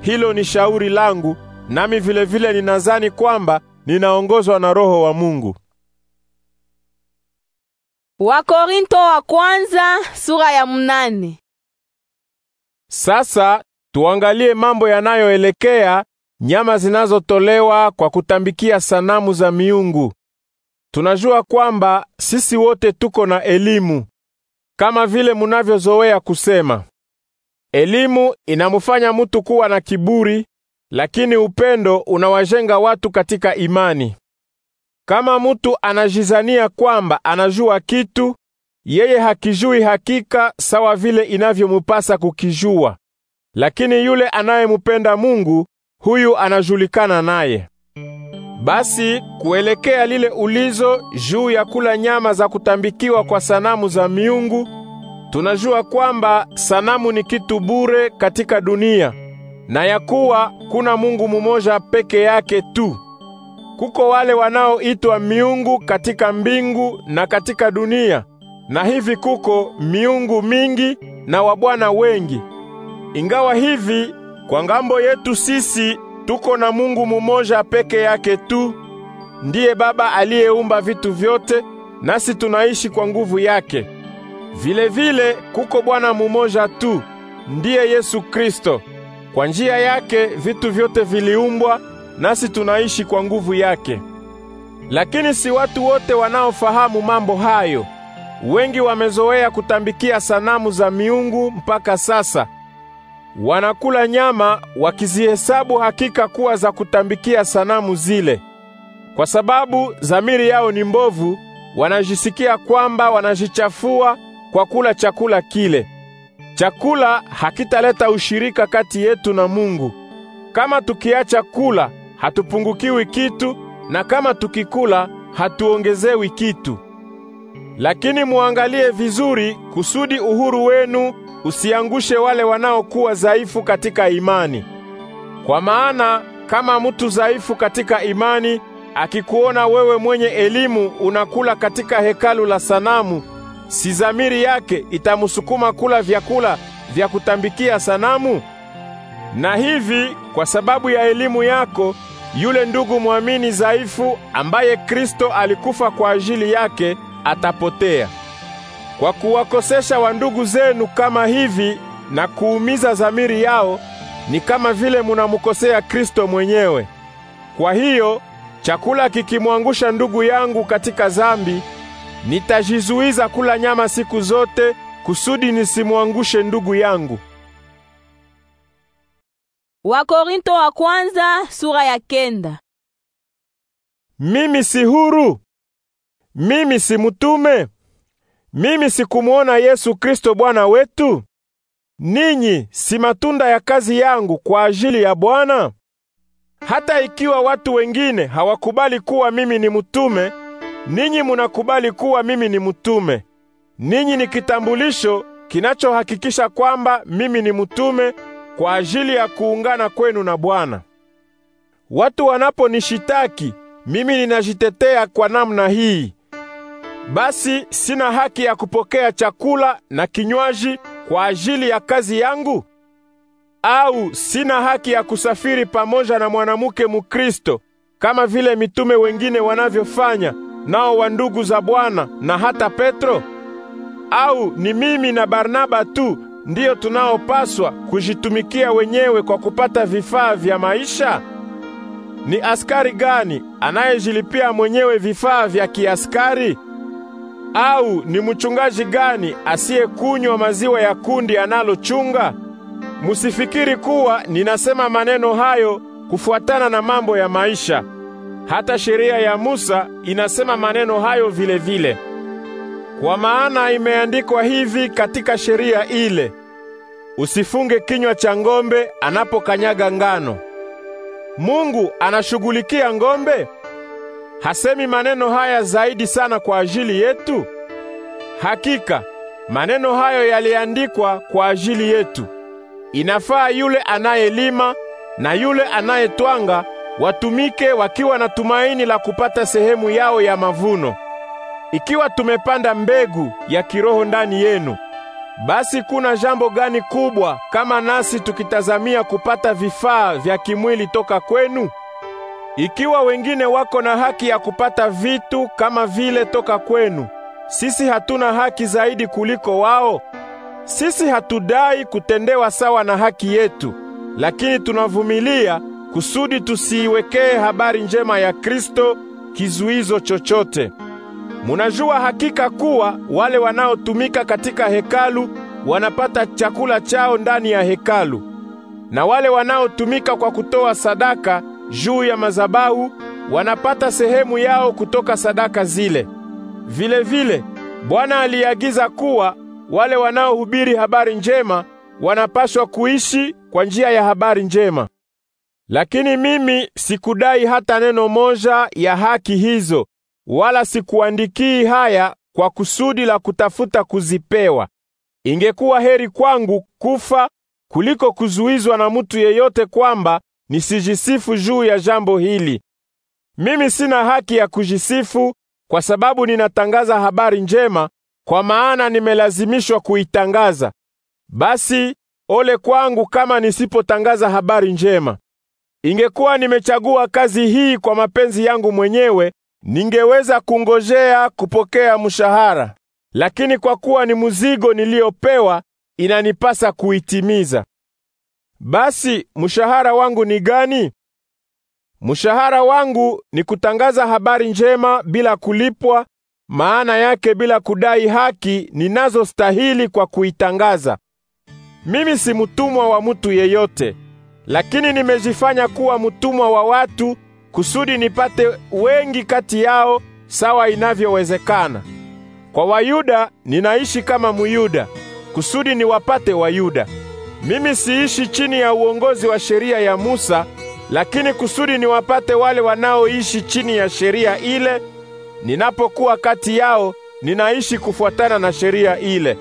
Hilo ni shauri langu, nami vilevile ninadhani kwamba ninaongozwa na Roho wa Mungu.
Wakorinto wa kwanza, sura ya mnane.
Sasa tuangalie mambo yanayoelekea nyama zinazotolewa kwa kutambikia sanamu za miungu. Tunajua kwamba sisi wote tuko na elimu kama vile munavyozoea kusema. Elimu inamufanya mutu kuwa na kiburi, lakini upendo unawajenga watu katika imani. Kama mutu anajizania kwamba anajua kitu, yeye hakijui hakika sawa vile inavyomupasa kukijua. Lakini yule anayemupenda Mungu, huyu anajulikana naye. Basi kuelekea lile ulizo juu ya kula nyama za kutambikiwa kwa sanamu za miungu, tunajua kwamba sanamu ni kitu bure katika dunia na ya kuwa kuna Mungu mumoja peke yake tu. Kuko wale wanaoitwa miungu katika mbingu na katika dunia, na hivi kuko miungu mingi na wabwana wengi. Ingawa hivi kwa ngambo yetu sisi tuko na Mungu mumoja peke yake tu, ndiye Baba aliyeumba vitu vyote, nasi tunaishi kwa nguvu yake. Vile vile kuko Bwana mumoja tu, ndiye Yesu Kristo. Kwa njia yake vitu vyote viliumbwa nasi tunaishi kwa nguvu yake. Lakini si watu wote wanaofahamu mambo hayo. Wengi wamezoea kutambikia sanamu za miungu mpaka sasa. Wanakula nyama wakizihesabu hakika kuwa za kutambikia sanamu zile. Kwa sababu dhamiri yao ni mbovu, wanajisikia kwamba wanajichafua kwa kula chakula kile. Chakula hakitaleta ushirika kati yetu na Mungu. Kama tukiacha kula hatupungukiwi kitu, na kama tukikula hatuongezewi kitu. Lakini muangalie vizuri, kusudi uhuru wenu usiangushe wale wanaokuwa dhaifu katika imani. Kwa maana kama mtu dhaifu katika imani akikuona wewe mwenye elimu unakula katika hekalu la sanamu, si dhamiri yake itamsukuma kula vyakula vya kutambikia sanamu? Na hivi kwa sababu ya elimu yako yule ndugu mwamini dhaifu ambaye Kristo alikufa kwa ajili yake atapotea. Kwa kuwakosesha wandugu zenu kama hivi na kuumiza dhamiri yao, ni kama vile munamukosea Kristo mwenyewe. Kwa hiyo chakula kikimwangusha ndugu yangu katika dhambi, nitajizuiza kula nyama siku zote kusudi nisimwangushe ndugu yangu.
Wakorinto wa kwanza sura ya kenda.
Mimi si huru, mimi si mtume, mimi si kumuona Yesu Kristo Bwana wetu? Ninyi si matunda ya kazi yangu kwa ajili ya Bwana? Hata ikiwa watu wengine hawakubali kuwa mimi ni mtume, ninyi munakubali kuwa mimi ni mtume. Ninyi ni kitambulisho kinachohakikisha kwamba mimi ni mtume kwa ajili ya kuungana kwenu na Bwana. Watu wanaponishitaki mimi, ninajitetea kwa namna hii: basi sina haki ya kupokea chakula na kinywaji kwa ajili ya kazi yangu? Au sina haki ya kusafiri pamoja na mwanamke Mukristo kama vile mitume wengine wanavyofanya, nao wa ndugu za Bwana na hata Petro? Au ni mimi na Barnaba tu ndiyo tunaopaswa kujitumikia wenyewe kwa kupata vifaa vya maisha? Ni askari gani anayejilipia mwenyewe vifaa vya kiaskari? Au ni mchungaji gani asiyekunywa maziwa ya kundi analochunga? Musifikiri kuwa ninasema maneno hayo kufuatana na mambo ya maisha. Hata sheria ya Musa inasema maneno hayo vile vile. Kwa maana imeandikwa hivi katika sheria ile, usifunge kinywa cha ng'ombe anapokanyaga ngano. Mungu anashughulikia ng'ombe? Hasemi maneno haya zaidi sana kwa ajili yetu? Hakika maneno hayo yaliandikwa kwa ajili yetu. Inafaa yule anayelima na yule anayetwanga watumike wakiwa na tumaini la kupata sehemu yao ya mavuno. Ikiwa tumepanda mbegu ya kiroho ndani yenu, basi kuna jambo gani kubwa kama nasi tukitazamia kupata vifaa vya kimwili toka kwenu? Ikiwa wengine wako na haki ya kupata vitu kama vile toka kwenu, sisi hatuna haki zaidi kuliko wao? Sisi hatudai kutendewa sawa na haki yetu, lakini tunavumilia kusudi tusiiwekee habari njema ya Kristo kizuizo chochote. Munajua hakika kuwa wale wanaotumika katika hekalu wanapata chakula chao ndani ya hekalu, na wale wanaotumika kwa kutoa sadaka juu ya mazabahu wanapata sehemu yao kutoka sadaka zile. Vile vile Bwana aliagiza kuwa wale wanaohubiri habari njema wanapaswa kuishi kwa njia ya habari njema. Lakini mimi sikudai hata neno moja ya haki hizo wala sikuandikii haya kwa kusudi la kutafuta kuzipewa. Ingekuwa heri kwangu kufa kuliko kuzuizwa na mtu yeyote kwamba nisijisifu juu ya jambo hili. Mimi sina haki ya kujisifu kwa sababu ninatangaza habari njema, kwa maana nimelazimishwa kuitangaza. Basi ole kwangu kama nisipotangaza habari njema. Ingekuwa nimechagua kazi hii kwa mapenzi yangu mwenyewe, ningeweza kungojea kupokea mshahara, lakini kwa kuwa ni mzigo niliyopewa, inanipasa kuitimiza. Basi mshahara wangu ni gani? Mshahara wangu ni kutangaza habari njema bila kulipwa, maana yake bila kudai haki ninazostahili kwa kuitangaza. Mimi si mtumwa wa mtu yeyote, lakini nimejifanya kuwa mtumwa wa watu kusudi nipate wengi kati yao sawa inavyowezekana. Kwa Wayuda ninaishi kama Myuda kusudi niwapate Wayuda. Mimi siishi chini ya uongozi wa sheria ya Musa, lakini kusudi niwapate wale wanaoishi chini ya sheria ile. Ninapokuwa kati yao, ninaishi kufuatana na sheria ile.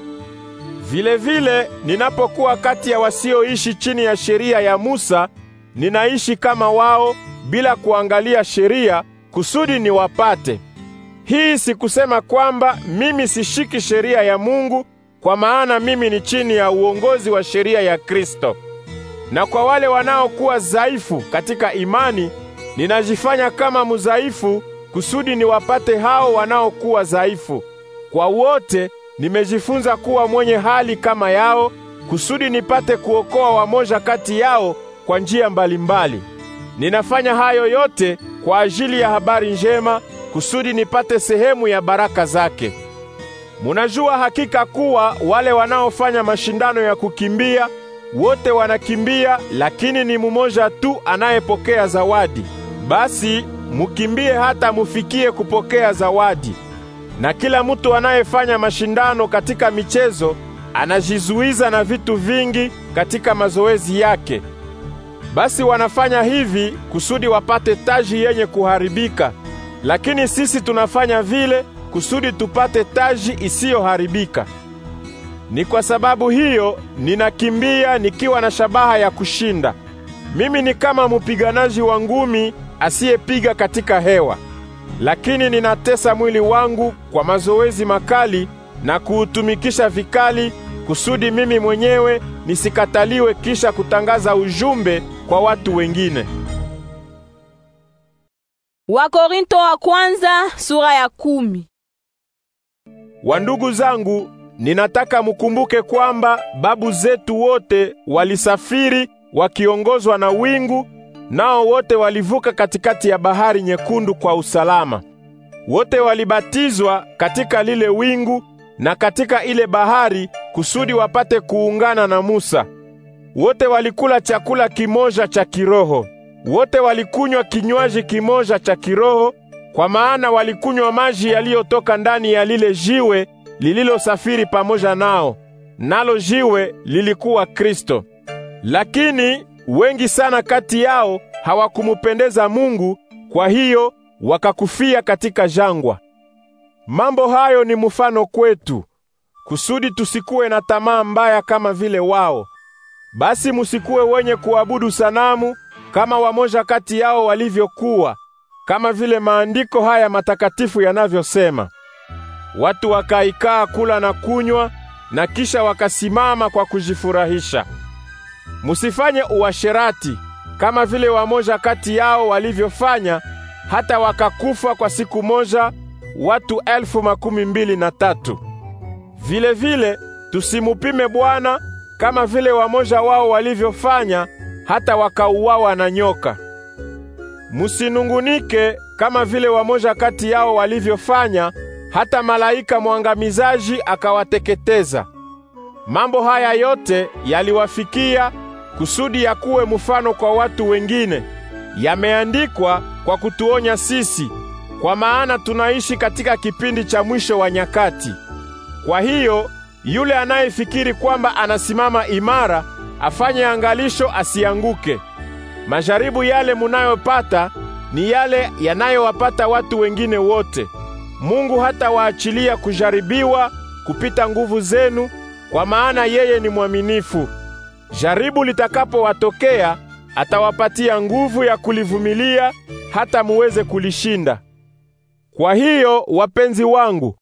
vile vile ninapokuwa kati ya wasioishi chini ya sheria ya Musa ninaishi kama wao bila kuangalia sheria kusudi niwapate. Hii si kusema kwamba mimi sishiki sheria ya Mungu, kwa maana mimi ni chini ya uongozi wa sheria ya Kristo. Na kwa wale wanaokuwa dhaifu katika imani, ninajifanya kama mzaifu kusudi niwapate hao wanaokuwa dhaifu. Kwa wote nimejifunza kuwa mwenye hali kama yao kusudi nipate kuokoa wamoja kati yao kwa njia mbalimbali Ninafanya hayo yote kwa ajili ya habari njema kusudi nipate sehemu ya baraka zake. Munajua hakika kuwa wale wanaofanya mashindano ya kukimbia wote wanakimbia, lakini ni mumoja tu anayepokea zawadi. Basi mukimbie hata mufikie kupokea zawadi. Na kila mtu anayefanya mashindano katika michezo anajizuiza na vitu vingi katika mazoezi yake. Basi wanafanya hivi kusudi wapate taji yenye kuharibika, lakini sisi tunafanya vile kusudi tupate taji isiyoharibika. Ni kwa sababu hiyo ninakimbia nikiwa na shabaha ya kushinda. Mimi ni kama mpiganaji wa ngumi asiyepiga katika hewa, lakini ninatesa mwili wangu kwa mazoezi makali na kuutumikisha vikali, kusudi mimi mwenyewe nisikataliwe kisha kutangaza ujumbe kwa watu wengine.
Wakorinto wa kwanza sura ya kumi.
Wandugu zangu, ninataka mukumbuke kwamba babu zetu wote walisafiri wakiongozwa na wingu, nao wote walivuka katikati ya bahari nyekundu kwa usalama. Wote walibatizwa katika lile wingu na katika ile bahari kusudi wapate kuungana na Musa. Wote walikula chakula kimoja cha kiroho, wote walikunywa kinywaji kimoja cha kiroho, kwa maana walikunywa maji yaliyotoka ndani ya lile jiwe lililosafiri pamoja nao, nalo jiwe lilikuwa Kristo. Lakini wengi sana kati yao hawakumupendeza Mungu, kwa hiyo wakakufia katika jangwa. Mambo hayo ni mfano kwetu, kusudi tusikuwe na tamaa mbaya kama vile wao. Basi musikuwe wenye kuabudu sanamu kama wamoja kati yao walivyokuwa, kama vile maandiko haya matakatifu yanavyosema: watu wakaikaa kula na kunywa, na kisha wakasimama kwa kujifurahisha. Musifanye uasherati kama vile wamoja kati yao walivyofanya, hata wakakufa kwa siku moja watu elfu makumi mbili na tatu. Vile vile tusimupime Bwana kama vile wamoja wao walivyofanya, hata wakauawa na nyoka. Musinungunike kama vile wamoja kati yao walivyofanya, hata malaika mwangamizaji akawateketeza. Mambo haya yote yaliwafikia kusudi ya kuwe mfano kwa watu wengine. Yameandikwa kwa kutuonya sisi, kwa maana tunaishi katika kipindi cha mwisho wa nyakati. Kwa hiyo yule anayefikiri kwamba anasimama imara afanye angalisho asianguke. Majaribu yale munayopata ni yale yanayowapata watu wengine wote. Mungu hata waachilia kujaribiwa kupita nguvu zenu, kwa maana yeye ni mwaminifu. Jaribu litakapowatokea, atawapatia nguvu ya kulivumilia hata muweze kulishinda. Kwa hiyo, wapenzi wangu,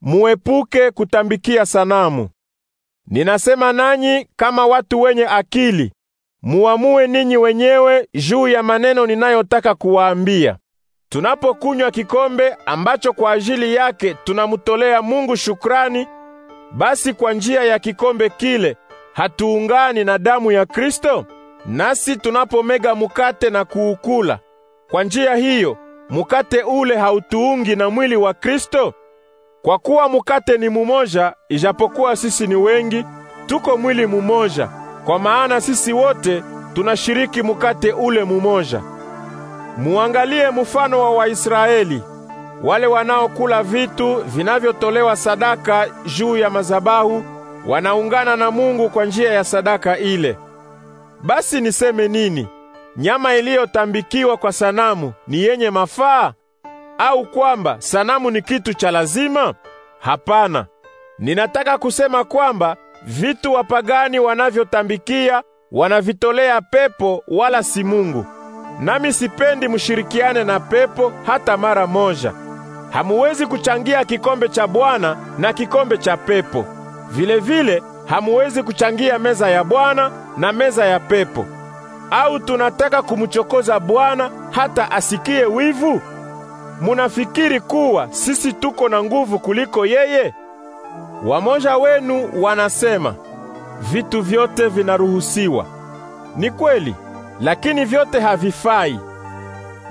muepuke kutambikia sanamu. Ninasema nanyi kama watu wenye akili, muamue ninyi wenyewe juu ya maneno ninayotaka kuwaambia. Tunapokunywa kikombe ambacho kwa ajili yake tunamtolea Mungu shukrani, basi kwa njia ya kikombe kile hatuungani na damu ya Kristo? Nasi tunapomega mukate na kuukula, kwa njia hiyo mukate ule hautuungi na mwili wa Kristo? Kwa kuwa mukate ni mumoja, ijapokuwa sisi ni wengi, tuko mwili mumoja, kwa maana sisi wote tunashiriki mukate ule mumoja. Muangalie mfano wa Waisraeli wale wanaokula vitu vinavyotolewa sadaka juu ya mazabahu wanaungana na Mungu kwa njia ya sadaka ile. Basi niseme nini? Nyama iliyotambikiwa kwa sanamu ni yenye mafaa au kwamba sanamu ni kitu cha lazima? Hapana. Ninataka kusema kwamba vitu wapagani wanavyotambikia wanavitolea pepo wala si Mungu. Nami sipendi mushirikiane na pepo hata mara moja. Hamuwezi kuchangia kikombe cha Bwana na kikombe cha pepo. Vile vile hamuwezi kuchangia meza ya Bwana na meza ya pepo. Au tunataka kumchokoza Bwana hata asikie wivu? munafikiri kuwa sisi tuko na nguvu kuliko yeye? Wamoja wenu wanasema vitu vyote vinaruhusiwa. Ni kweli, lakini vyote havifai.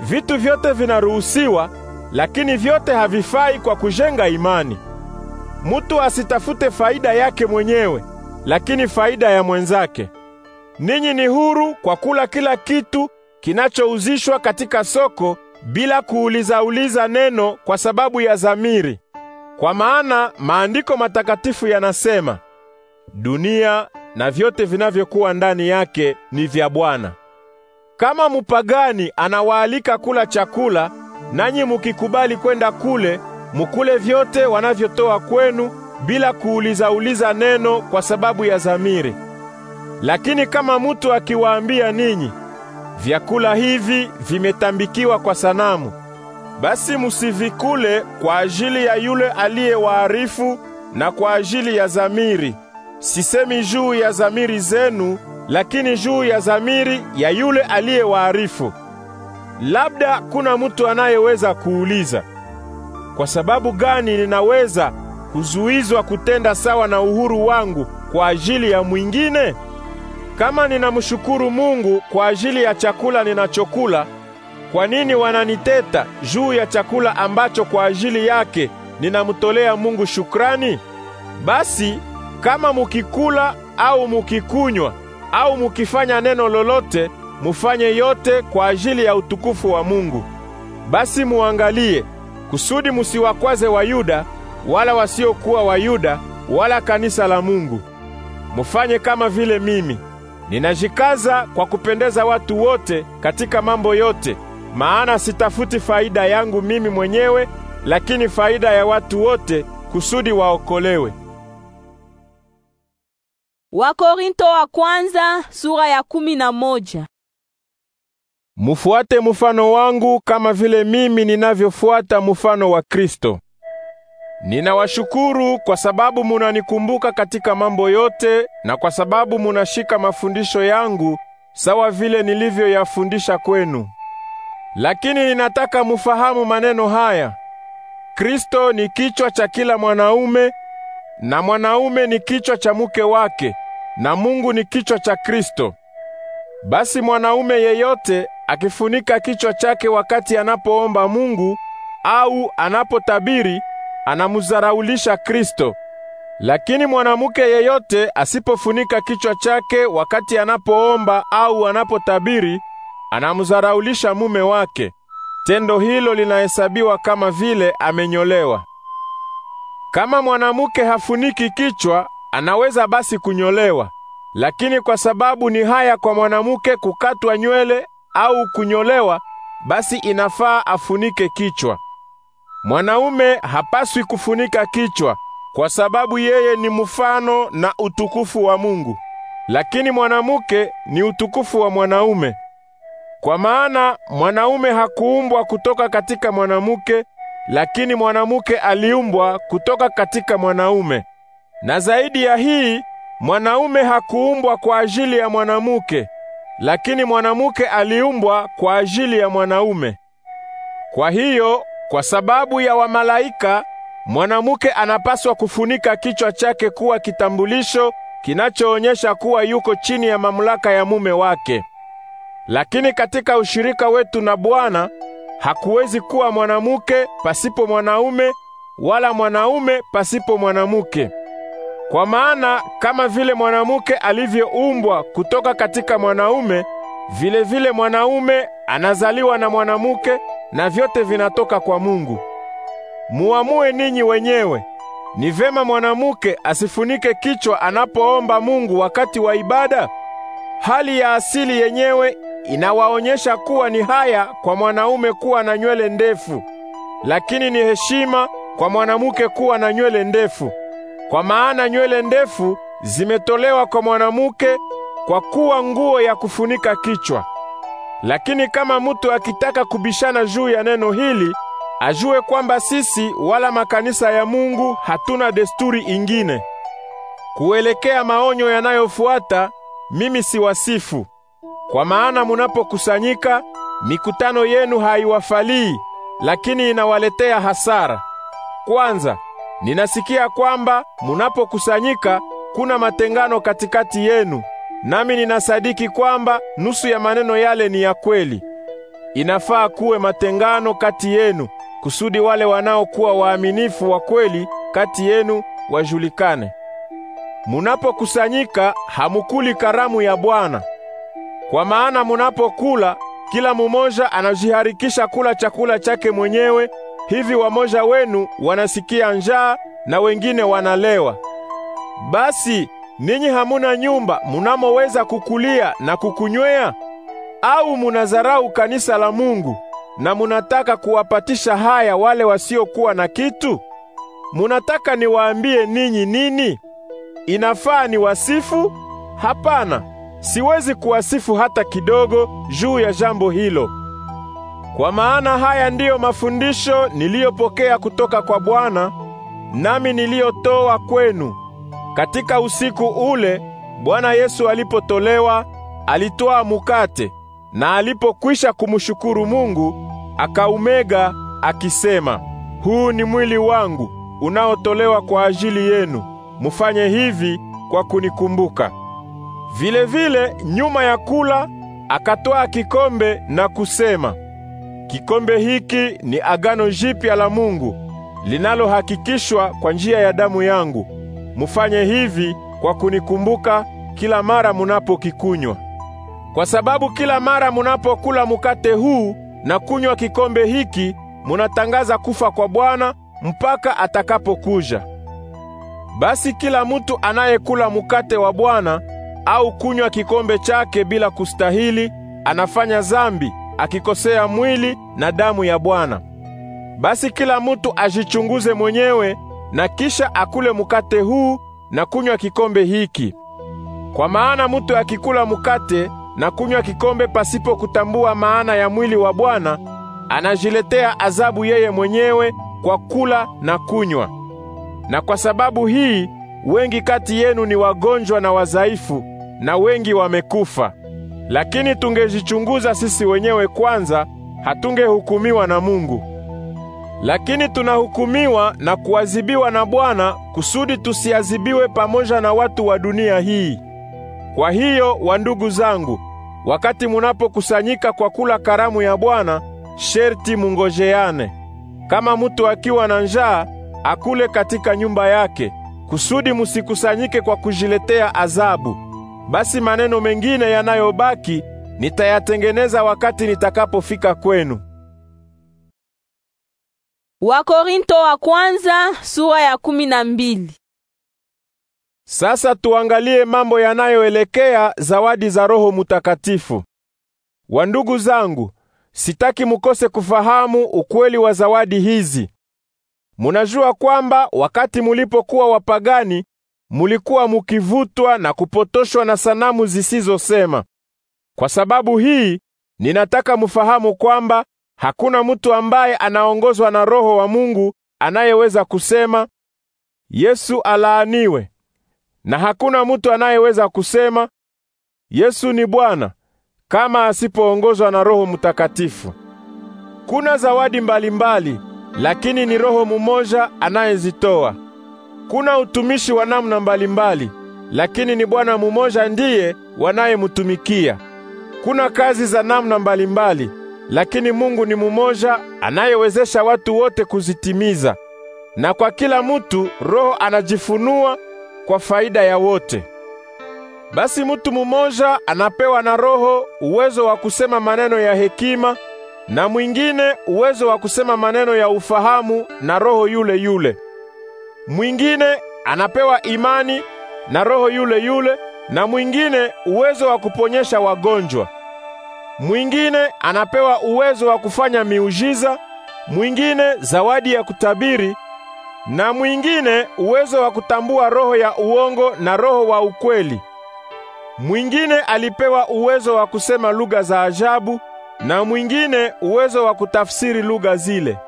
Vitu vyote vinaruhusiwa, lakini vyote havifai kwa kujenga imani. Mutu asitafute faida yake mwenyewe, lakini faida ya mwenzake. Ninyi ni huru kwa kula kila kitu kinachouzishwa katika soko bila kuuliza-uliza neno kwa sababu ya zamiri kwa maana maandiko matakatifu yanasema, dunia na vyote vinavyokuwa ndani yake ni vya Bwana. Kama mupagani anawaalika kula chakula, nanyi mukikubali kwenda kule, mukule vyote wanavyotoa kwenu bila kuuliza-uliza neno kwa sababu ya zamiri Lakini kama mutu akiwaambia ninyi Vyakula hivi vimetambikiwa kwa sanamu. Basi musivikule kwa ajili ya yule aliyewaarifu na kwa ajili ya zamiri Sisemi juu ya zamiri zenu, lakini juu ya zamiri ya yule aliyewaarifu. Labda kuna mtu anayeweza kuuliza, kwa sababu gani ninaweza kuzuizwa kutenda sawa na uhuru wangu kwa ajili ya mwingine? Kama ninamshukuru Mungu kwa ajili ya chakula ninachokula, kwa nini wananiteta juu ya chakula ambacho kwa ajili yake ninamtolea Mungu shukrani? Basi kama mukikula au mukikunywa au mukifanya neno lolote, mufanye yote kwa ajili ya utukufu wa Mungu. Basi muangalie kusudi musiwakwaze Wayuda wala wasiokuwa Wayuda wala kanisa la Mungu. Mufanye kama vile mimi. Ninajikaza kwa kupendeza watu wote katika mambo yote, maana sitafuti faida yangu mimi mwenyewe, lakini faida ya watu wote kusudi
waokolewe. Wakorinto wa kwanza sura ya kumi na moja. Mufuate mfano
wangu kama vile mimi ninavyofuata mfano wa Kristo. Ninawashukuru kwa sababu munanikumbuka katika mambo yote na kwa sababu munashika mafundisho yangu sawa vile nilivyoyafundisha kwenu. Lakini ninataka mufahamu maneno haya. Kristo ni kichwa cha kila mwanaume na mwanaume ni kichwa cha mke wake na Mungu ni kichwa cha Kristo. Basi mwanaume yeyote akifunika kichwa chake wakati anapoomba Mungu au anapotabiri anamuzaraulisha Kristo. Lakini mwanamke yeyote asipofunika kichwa chake wakati anapoomba au anapotabiri, anamzaraulisha mume wake. Tendo hilo linahesabiwa kama vile amenyolewa. Kama mwanamke hafuniki kichwa, anaweza basi kunyolewa. Lakini kwa sababu ni haya kwa mwanamke kukatwa nywele au kunyolewa, basi inafaa afunike kichwa. Mwanaume hapaswi kufunika kichwa kwa sababu yeye ni mfano na utukufu wa Mungu, lakini mwanamke ni utukufu wa mwanaume. Kwa maana mwanaume hakuumbwa kutoka katika mwanamke, lakini mwanamke aliumbwa kutoka katika mwanaume. Na zaidi ya hii, mwanaume hakuumbwa kwa ajili ya mwanamke, lakini mwanamke aliumbwa kwa ajili ya mwanaume. Kwa hiyo kwa sababu ya wamalaika, mwanamke anapaswa kufunika kichwa chake kuwa kitambulisho kinachoonyesha kuwa yuko chini ya mamlaka ya mume wake. Lakini katika ushirika wetu na Bwana hakuwezi kuwa mwanamke pasipo mwanaume wala mwanaume pasipo mwanamke. Kwa maana kama vile mwanamke alivyoumbwa kutoka katika mwanaume, vile vile mwanaume anazaliwa na mwanamke na vyote vinatoka kwa Mungu. Muamue ninyi wenyewe. Ni vema mwanamke asifunike kichwa anapoomba Mungu wakati wa ibada? Hali ya asili yenyewe inawaonyesha kuwa ni haya kwa mwanaume kuwa na nywele ndefu, lakini ni heshima kwa mwanamke kuwa na nywele ndefu, kwa maana nywele ndefu zimetolewa kwa mwanamke kwa kuwa nguo ya kufunika kichwa. Lakini kama mutu akitaka kubishana juu ya neno hili, ajue kwamba sisi wala makanisa ya Mungu hatuna desturi ingine. Kuelekea maonyo yanayofuata, mimi siwasifu, kwa maana munapokusanyika mikutano yenu haiwafalii, lakini inawaletea hasara. Kwanza, ninasikia kwamba munapokusanyika kuna matengano katikati yenu. Nami ninasadiki kwamba nusu ya maneno yale ni ya kweli. Inafaa kuwe matengano kati yenu kusudi wale wanaokuwa waaminifu wa kweli kati yenu wajulikane. Munapokusanyika hamukuli karamu ya Bwana. Kwa maana munapokula kila mumoja anajiharikisha kula chakula chake mwenyewe, hivi wamoja wenu wanasikia njaa na wengine wanalewa. Basi Ninyi hamuna nyumba munamoweza kukulia na kukunywea? Au munadharau kanisa la Mungu na munataka kuwapatisha haya wale wasiokuwa na kitu? Munataka niwaambie ninyi nini? Inafaa niwasifu? Hapana, siwezi kuwasifu hata kidogo juu ya jambo hilo. Kwa maana haya ndiyo mafundisho niliyopokea kutoka kwa Bwana, nami niliyotoa kwenu katika usiku ule Bwana Yesu alipotolewa, alitoa mukate na alipokwisha kumshukuru Mungu, akaumega akisema, huu ni mwili wangu unaotolewa kwa ajili yenu, mufanye hivi kwa kunikumbuka. Vile vile nyuma ya kula akatoa kikombe na kusema, kikombe hiki ni agano jipya la Mungu linalohakikishwa kwa njia ya damu yangu mufanye hivi kwa kunikumbuka kila mara munapokikunywa. Kwa sababu kila mara munapokula mukate huu na kunywa kikombe hiki, munatangaza kufa kwa Bwana mpaka atakapokuja. Basi kila mutu anayekula mukate wa Bwana au kunywa kikombe chake bila kustahili, anafanya zambi, akikosea mwili na damu ya Bwana. Basi kila mutu ajichunguze mwenyewe na kisha akule mukate huu na kunywa kikombe hiki. Kwa maana mtu akikula mukate na kunywa kikombe pasipo kutambua maana ya mwili wa Bwana, anajiletea adhabu yeye mwenyewe kwa kula na kunywa. Na kwa sababu hii wengi kati yenu ni wagonjwa na wazaifu, na wengi wamekufa. Lakini tungejichunguza sisi wenyewe kwanza, hatungehukumiwa na Mungu. Lakini tunahukumiwa na kuadhibiwa na Bwana kusudi tusiadhibiwe pamoja na watu wa dunia hii. Kwa hiyo, wandugu zangu, wakati munapokusanyika kwa kula karamu ya Bwana, sherti mungojeane. Kama mutu akiwa na njaa, akule katika nyumba yake, kusudi musikusanyike kwa kujiletea adhabu. Basi maneno mengine yanayobaki nitayatengeneza wakati nitakapofika kwenu.
Wakorinto wa kwanza, sura ya kumi na mbili. Sasa tuangalie mambo yanayoelekea
zawadi za Roho Mutakatifu. Wandugu zangu, sitaki mukose kufahamu ukweli wa zawadi hizi. Munajua kwamba wakati mulipokuwa wapagani, mulikuwa mukivutwa na kupotoshwa na sanamu zisizosema. Kwa sababu hii, ninataka mufahamu kwamba Hakuna mtu ambaye anaongozwa na Roho wa Mungu anayeweza kusema Yesu alaaniwe, na hakuna mtu anayeweza kusema Yesu ni Bwana kama asipoongozwa na Roho Mtakatifu. Kuna zawadi mbalimbali mbali, lakini ni Roho mumoja anayezitoa. Kuna utumishi wa namna mbalimbali, lakini ni Bwana mumoja ndiye wanayemutumikia. Kuna kazi za namna mbalimbali mbali, lakini Mungu ni mumoja anayewezesha watu wote kuzitimiza, na kwa kila mutu Roho anajifunua kwa faida ya wote. Basi mutu mumoja anapewa na Roho uwezo wa kusema maneno ya hekima, na mwingine uwezo wa kusema maneno ya ufahamu na Roho yule yule. Mwingine anapewa imani na Roho yule yule, na mwingine uwezo wa kuponyesha wagonjwa mwingine anapewa uwezo wa kufanya miujiza, mwingine zawadi ya kutabiri, na mwingine uwezo wa kutambua roho ya uongo na roho wa ukweli. Mwingine alipewa uwezo wa kusema lugha za ajabu na mwingine uwezo wa kutafsiri lugha zile.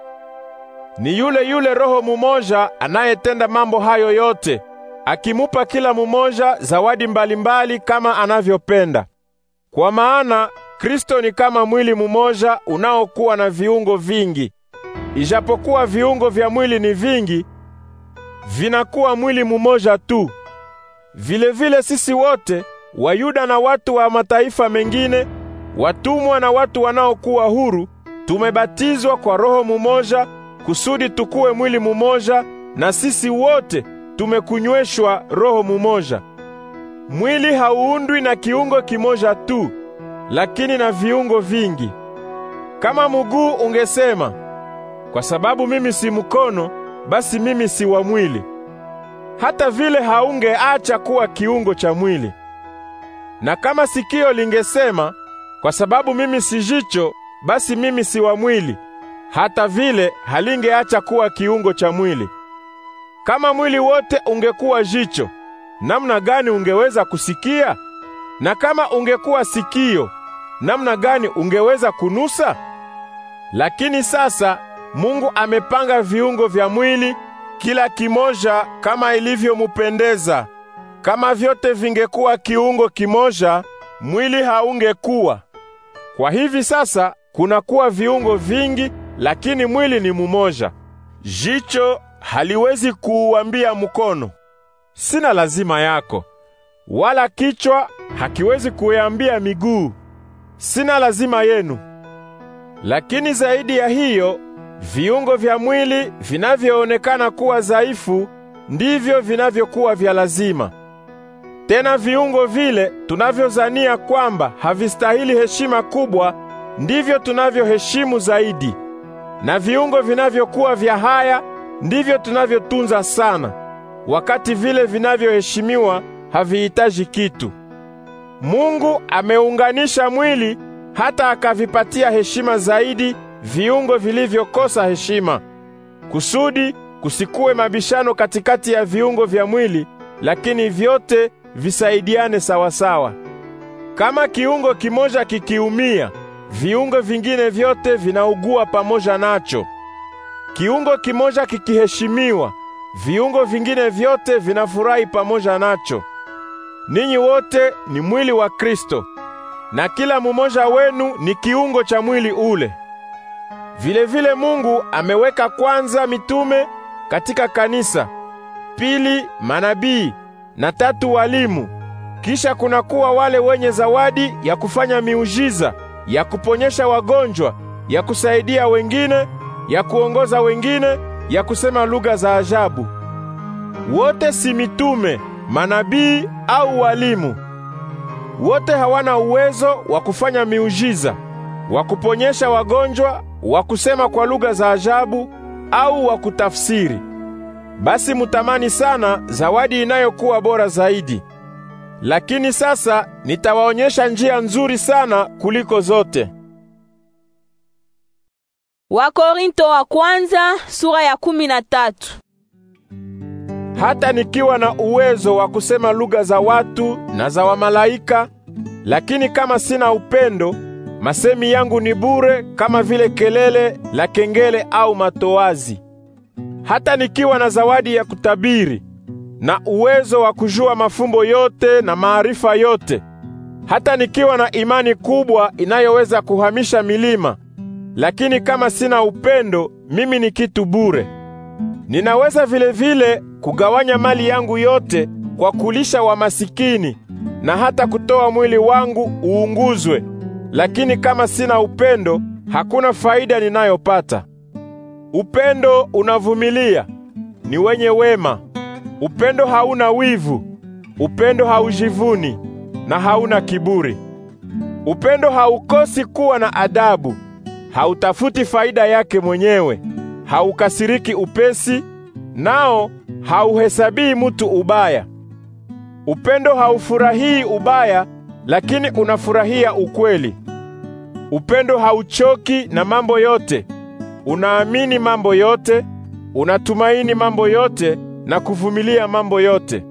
Ni yule yule Roho mumoja anayetenda mambo hayo yote, akimupa kila mumoja zawadi mbalimbali mbali kama anavyopenda. Kwa maana Kristo ni kama mwili mmoja unaokuwa na viungo vingi. Ijapokuwa viungo vya mwili ni vingi, vinakuwa mwili mmoja tu. vile vile sisi wote, Wayuda na watu wa mataifa mengine, watumwa na watu wanaokuwa huru, tumebatizwa kwa roho mumoja kusudi tukuwe mwili mumoja, na sisi wote tumekunyweshwa roho mumoja. Mwili hauundwi na kiungo kimoja tu, lakini na viungo vingi. Kama muguu ungesema, kwa sababu mimi si mkono, basi mimi si wa mwili, hata vile haungeacha kuwa kiungo cha mwili. Na kama sikio lingesema, kwa sababu mimi si jicho, basi mimi si wa mwili, hata vile halingeacha kuwa kiungo cha mwili. Kama mwili wote ungekuwa jicho, namna gani ungeweza kusikia? Na kama ungekuwa sikio, namna gani ungeweza kunusa? Lakini sasa Mungu amepanga viungo vya mwili kila kimoja kama ilivyomupendeza. Kama vyote vingekuwa kiungo kimoja, mwili haungekuwa. Kwa hivi sasa kunakuwa viungo vingi, lakini mwili ni mumoja. Jicho haliwezi kuuambia mkono, sina lazima yako, wala kichwa hakiwezi kuiambia miguu, sina lazima yenu. Lakini zaidi ya hiyo, viungo vya mwili vinavyoonekana kuwa dhaifu ndivyo vinavyokuwa vya lazima. Tena viungo vile tunavyozania kwamba havistahili heshima kubwa ndivyo tunavyoheshimu zaidi, na viungo vinavyokuwa vya haya ndivyo tunavyotunza sana, wakati vile vinavyoheshimiwa havihitaji kitu. Mungu ameunganisha mwili hata akavipatia heshima zaidi viungo vilivyokosa heshima, kusudi kusikuwe mabishano katikati ya viungo vya mwili, lakini vyote visaidiane sawasawa. Kama kiungo kimoja kikiumia, viungo vingine vyote vinaugua pamoja nacho. Kiungo kimoja kikiheshimiwa, viungo vingine vyote vinafurahi pamoja nacho ninyi wote ni mwili wa Kristo, na kila mumoja wenu ni kiungo cha mwili ule. Vilevile vile Mungu ameweka kwanza mitume katika kanisa, pili manabii na tatu walimu. Kisha kunakuwa wale wenye zawadi ya kufanya miujiza, ya kuponyesha wagonjwa, ya kusaidia wengine, ya kuongoza wengine, ya kusema lugha za ajabu. Wote si mitume manabii au walimu. Wote hawana uwezo wa kufanya miujiza, wa kuponyesha wagonjwa, wa kusema kwa lugha za ajabu au wa kutafsiri. Basi mutamani sana zawadi inayokuwa bora zaidi. Lakini sasa nitawaonyesha njia nzuri sana kuliko zote.
Wakorinto wa kwanza sura ya kumi na tatu.
Hata nikiwa na uwezo wa kusema lugha za watu na za wamalaika, lakini kama sina upendo, masemi yangu ni bure, kama vile kelele la kengele au matoazi. Hata nikiwa na zawadi ya kutabiri na uwezo wa kujua mafumbo yote na maarifa yote, hata nikiwa na imani kubwa inayoweza kuhamisha milima, lakini kama sina upendo, mimi ni kitu bure. Ninaweza vilevile kugawanya mali yangu yote kwa kulisha wamasikini na hata kutoa mwili wangu uunguzwe, lakini kama sina upendo, hakuna faida ninayopata. Upendo unavumilia, ni wenye wema. Upendo hauna wivu. Upendo haujivuni na hauna kiburi. Upendo haukosi kuwa na adabu. Hautafuti faida yake mwenyewe haukasiriki upesi, nao hauhesabii mutu ubaya. Upendo haufurahii ubaya, lakini unafurahia ukweli. Upendo hauchoki na mambo yote, unaamini mambo yote, unatumaini mambo yote na kuvumilia mambo yote.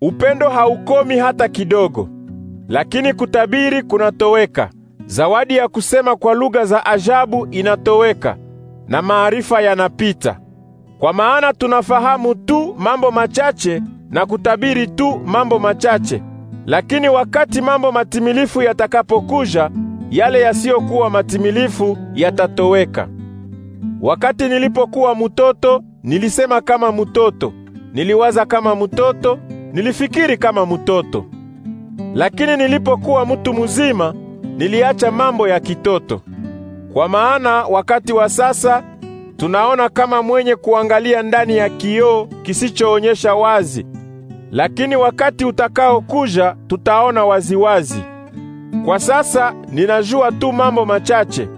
Upendo haukomi hata kidogo, lakini kutabiri kunatoweka. Zawadi ya kusema kwa lugha za ajabu inatoweka, na maarifa yanapita, kwa maana tunafahamu tu mambo machache na kutabiri tu mambo machache. Lakini wakati mambo matimilifu yatakapokuja, yale yasiyokuwa matimilifu yatatoweka. Wakati nilipokuwa mutoto, nilisema kama mutoto, niliwaza kama mutoto, nilifikiri kama mutoto. Lakini nilipokuwa mtu mzima, niliacha mambo ya kitoto. Kwa maana wakati wa sasa tunaona kama mwenye kuangalia ndani ya kioo kisichoonyesha wazi, lakini wakati utakaokuja tutaona waziwazi. Kwa sasa ninajua tu mambo machache,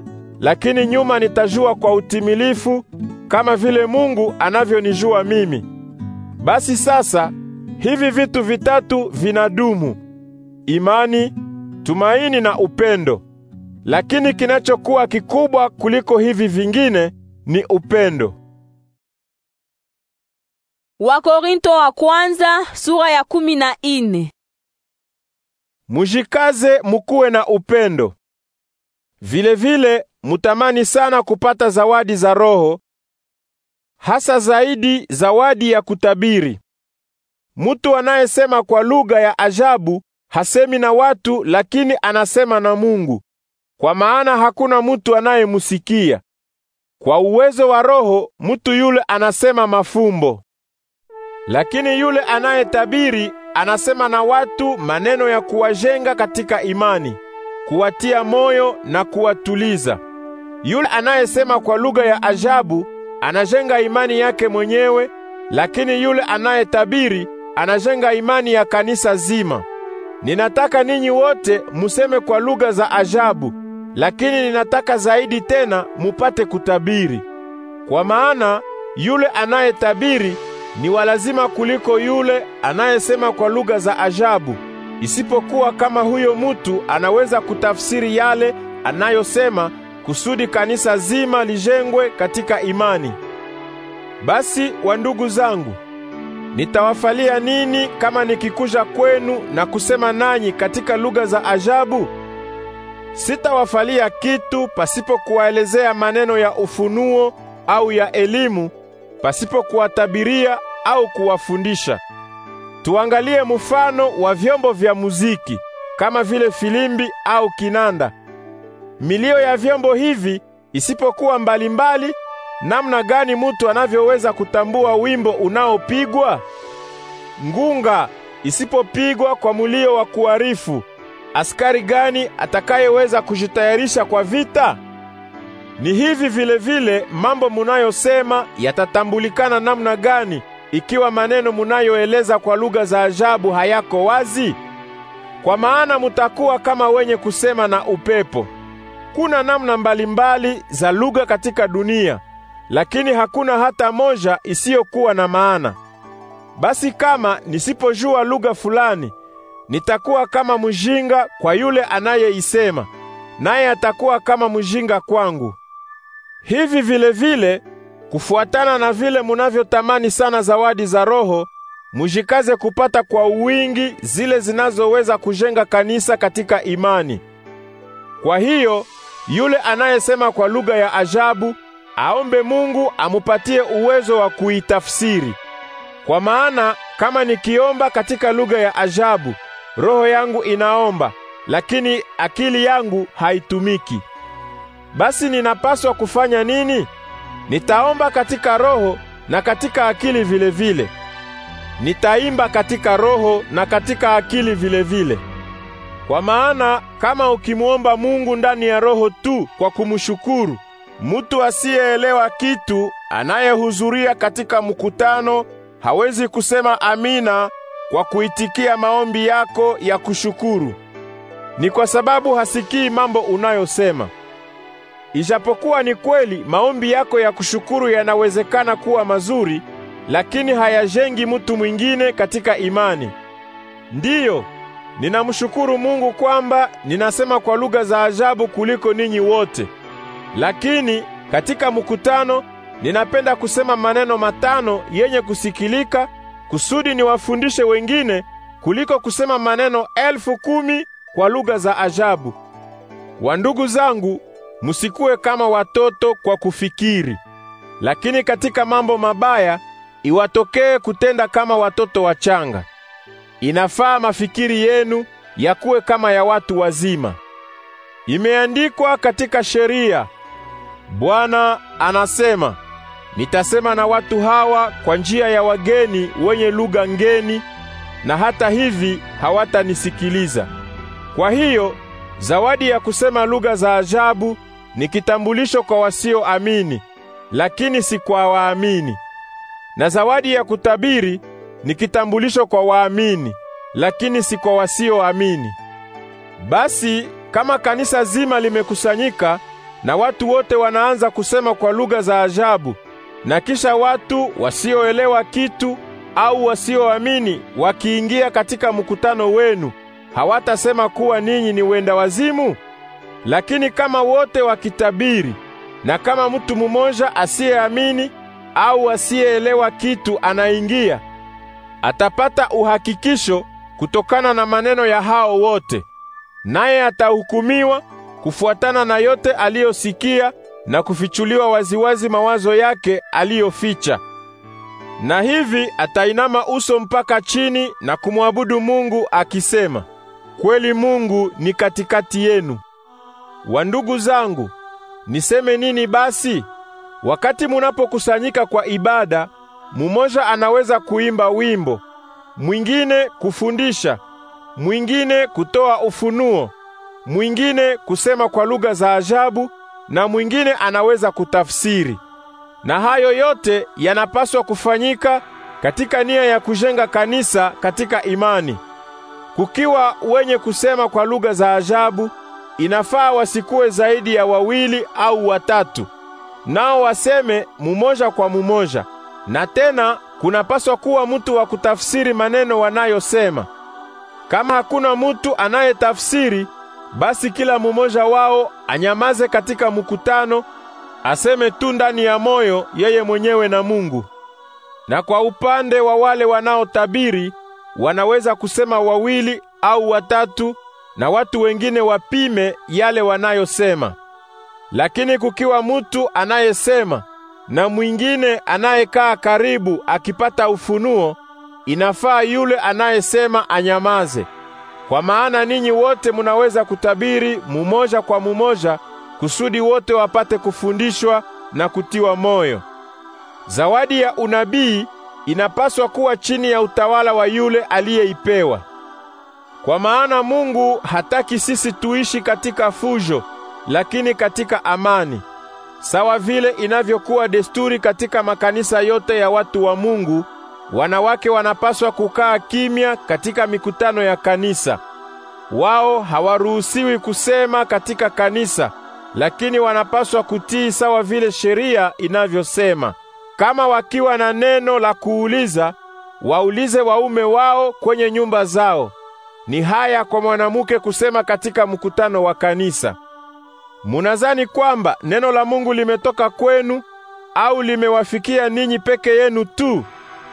lakini nyuma nitajua kwa utimilifu kama vile Mungu anavyonijua mimi. Basi sasa hivi vitu vitatu vinadumu: imani, tumaini na upendo. Lakini kinachokuwa kikubwa kuliko hivi vingine ni upendo.
Wakorinto wa kwanza sura ya kumi na ine. Mujikaze
mukuwe na upendo. Vilevile vile, mutamani sana kupata zawadi za Roho, hasa zaidi zawadi ya kutabiri. Mutu anayesema kwa lugha ya ajabu hasemi na watu, lakini anasema na Mungu kwa maana hakuna mutu anayemsikia. Kwa uwezo wa Roho mutu yule anasema mafumbo, lakini yule anayetabiri anasema na watu maneno ya kuwajenga katika imani, kuwatia moyo na kuwatuliza. Yule anayesema kwa lugha ya ajabu anajenga imani yake mwenyewe, lakini yule anayetabiri anajenga imani ya kanisa zima. Ninataka ninyi wote museme kwa lugha za ajabu lakini ninataka zaidi tena mupate kutabiri, kwa maana yule anayetabiri ni walazima kuliko yule anayesema kwa lugha za ajabu, isipokuwa kama huyo mutu anaweza kutafsiri yale anayosema, kusudi kanisa zima lijengwe katika imani. Basi wandugu zangu, nitawafalia nini kama nikikuja kwenu na kusema nanyi katika lugha za ajabu? Sitawafalia kitu pasipo kuwaelezea maneno ya ufunuo au ya elimu, pasipo kuwatabiria au kuwafundisha. Tuangalie mfano wa vyombo vya muziki kama vile filimbi au kinanda. Milio ya vyombo hivi isipokuwa mbalimbali, namna gani mutu anavyoweza kutambua wimbo unaopigwa? Ngunga isipopigwa kwa mulio wa kuarifu askari gani atakayeweza kujitayarisha kwa vita? Ni hivi vile vile mambo munayosema yatatambulikana namna gani ikiwa maneno munayoeleza kwa lugha za ajabu hayako wazi? Kwa maana mutakuwa kama wenye kusema na upepo. Kuna namna mbalimbali za lugha katika dunia, lakini hakuna hata moja isiyokuwa na maana. Basi kama nisipojua lugha fulani nitakuwa kama mjinga kwa yule anayeisema, naye atakuwa kama mjinga kwangu. Hivi vile vile, kufuatana na vile munavyotamani sana zawadi za Roho, mujikaze kupata kwa wingi zile zinazoweza kujenga kanisa katika imani. Kwa hiyo yule anayesema kwa lugha ya ajabu aombe Mungu amupatie uwezo wa kuitafsiri. Kwa maana kama nikiomba katika lugha ya ajabu roho yangu inaomba, lakini akili yangu haitumiki. Basi ninapaswa kufanya nini? Nitaomba katika roho na katika akili vile vile. Nitaimba katika roho na katika akili vile vile. Kwa maana kama ukimwomba Mungu ndani ya roho tu kwa kumshukuru, mtu asiyeelewa kitu anayehudhuria katika mkutano hawezi kusema amina kwa kuitikia maombi yako ya kushukuru. Ni kwa sababu hasikii mambo unayosema. Ijapokuwa ni kweli maombi yako ya kushukuru yanawezekana kuwa mazuri, lakini hayajengi mtu mwingine katika imani. Ndiyo, ninamshukuru Mungu kwamba ninasema kwa lugha za ajabu kuliko ninyi wote. Lakini katika mkutano ninapenda kusema maneno matano yenye kusikilika kusudi niwafundishe wengine kuliko kusema maneno elfu kumi kwa lugha za ajabu. Wandugu zangu, musikuwe kama watoto kwa kufikiri, lakini katika mambo mabaya iwatokee kutenda kama watoto wachanga. Inafaa mafikiri yenu yakuwe kama ya watu wazima. Imeandikwa katika sheria, Bwana anasema Nitasema na watu hawa kwa njia ya wageni wenye lugha ngeni, na hata hivi hawatanisikiliza. Kwa hiyo zawadi ya kusema lugha za ajabu ni kitambulisho kwa wasioamini, lakini si kwa waamini, na zawadi ya kutabiri ni kitambulisho kwa waamini, lakini si kwa wasioamini. Basi kama kanisa zima limekusanyika na watu wote wanaanza kusema kwa lugha za ajabu na kisha watu wasioelewa kitu au wasioamini wakiingia katika mkutano wenu, hawatasema kuwa ninyi ni wenda wazimu? Lakini kama wote wakitabiri na kama mtu mmoja asiyeamini au asiyeelewa kitu anaingia, atapata uhakikisho kutokana na maneno ya hao wote, naye atahukumiwa kufuatana na yote aliyosikia na kufichuliwa waziwazi mawazo yake aliyoficha. Na hivi atainama uso mpaka chini na kumwabudu Mungu akisema, kweli Mungu ni katikati yenu. Wandugu zangu, niseme nini basi? Wakati munapokusanyika kwa ibada, mumoja anaweza kuimba wimbo, mwingine kufundisha, mwingine kutoa ufunuo, mwingine kusema kwa lugha za ajabu na mwingine anaweza kutafsiri. Na hayo yote yanapaswa kufanyika katika nia ya kujenga kanisa katika imani. Kukiwa wenye kusema kwa lugha za ajabu, inafaa wasikuwe zaidi ya wawili au watatu, nao waseme mumoja kwa mumoja. Na tena kunapaswa kuwa mtu wa kutafsiri maneno wanayosema. Kama hakuna mtu anayetafsiri, basi kila mumoja wao anyamaze katika mkutano, aseme tu ndani ya moyo yeye mwenyewe na Mungu. Na kwa upande wa wale wanaotabiri, wanaweza kusema wawili au watatu, na watu wengine wapime yale wanayosema. Lakini kukiwa mutu anayesema na mwingine anayekaa karibu akipata ufunuo, inafaa yule anayesema anyamaze. Kwa maana ninyi wote munaweza kutabiri mumoja kwa mumoja, kusudi wote wapate kufundishwa na kutiwa moyo. Zawadi ya unabii inapaswa kuwa chini ya utawala wa yule aliyeipewa. Kwa maana Mungu hataki sisi tuishi katika fujo, lakini katika amani, sawa vile inavyokuwa desturi katika makanisa yote ya watu wa Mungu Wanawake wanapaswa kukaa kimya katika mikutano ya kanisa. Wao hawaruhusiwi kusema katika kanisa, lakini wanapaswa kutii sawa vile sheria inavyosema. Kama wakiwa na neno la kuuliza, waulize waume wao kwenye nyumba zao. Ni haya kwa mwanamke kusema katika mkutano wa kanisa. Munazani kwamba neno la Mungu limetoka kwenu au limewafikia ninyi peke yenu tu?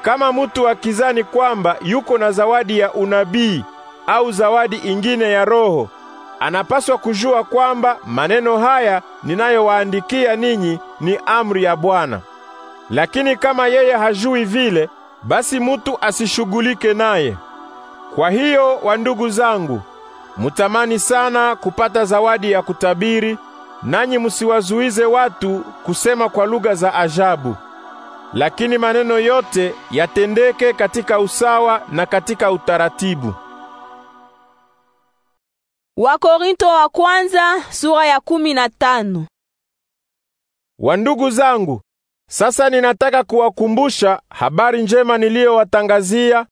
Kama mutu akizani kwamba yuko na zawadi ya unabii au zawadi ingine ya roho, anapaswa kujua kwamba maneno haya ninayowaandikia ninyi ni amri ya Bwana. Lakini kama yeye hajui vile, basi mutu asishughulike naye. Kwa hiyo, wandugu zangu, mutamani sana kupata zawadi ya kutabiri, nanyi musiwazuize watu kusema kwa lugha za ajabu lakini maneno yote yatendeke katika usawa na katika utaratibu.
Wakorinto wa kwanza sura ya kumi na tano.
Wandugu zangu, sasa ninataka kuwakumbusha habari njema niliyowatangazia,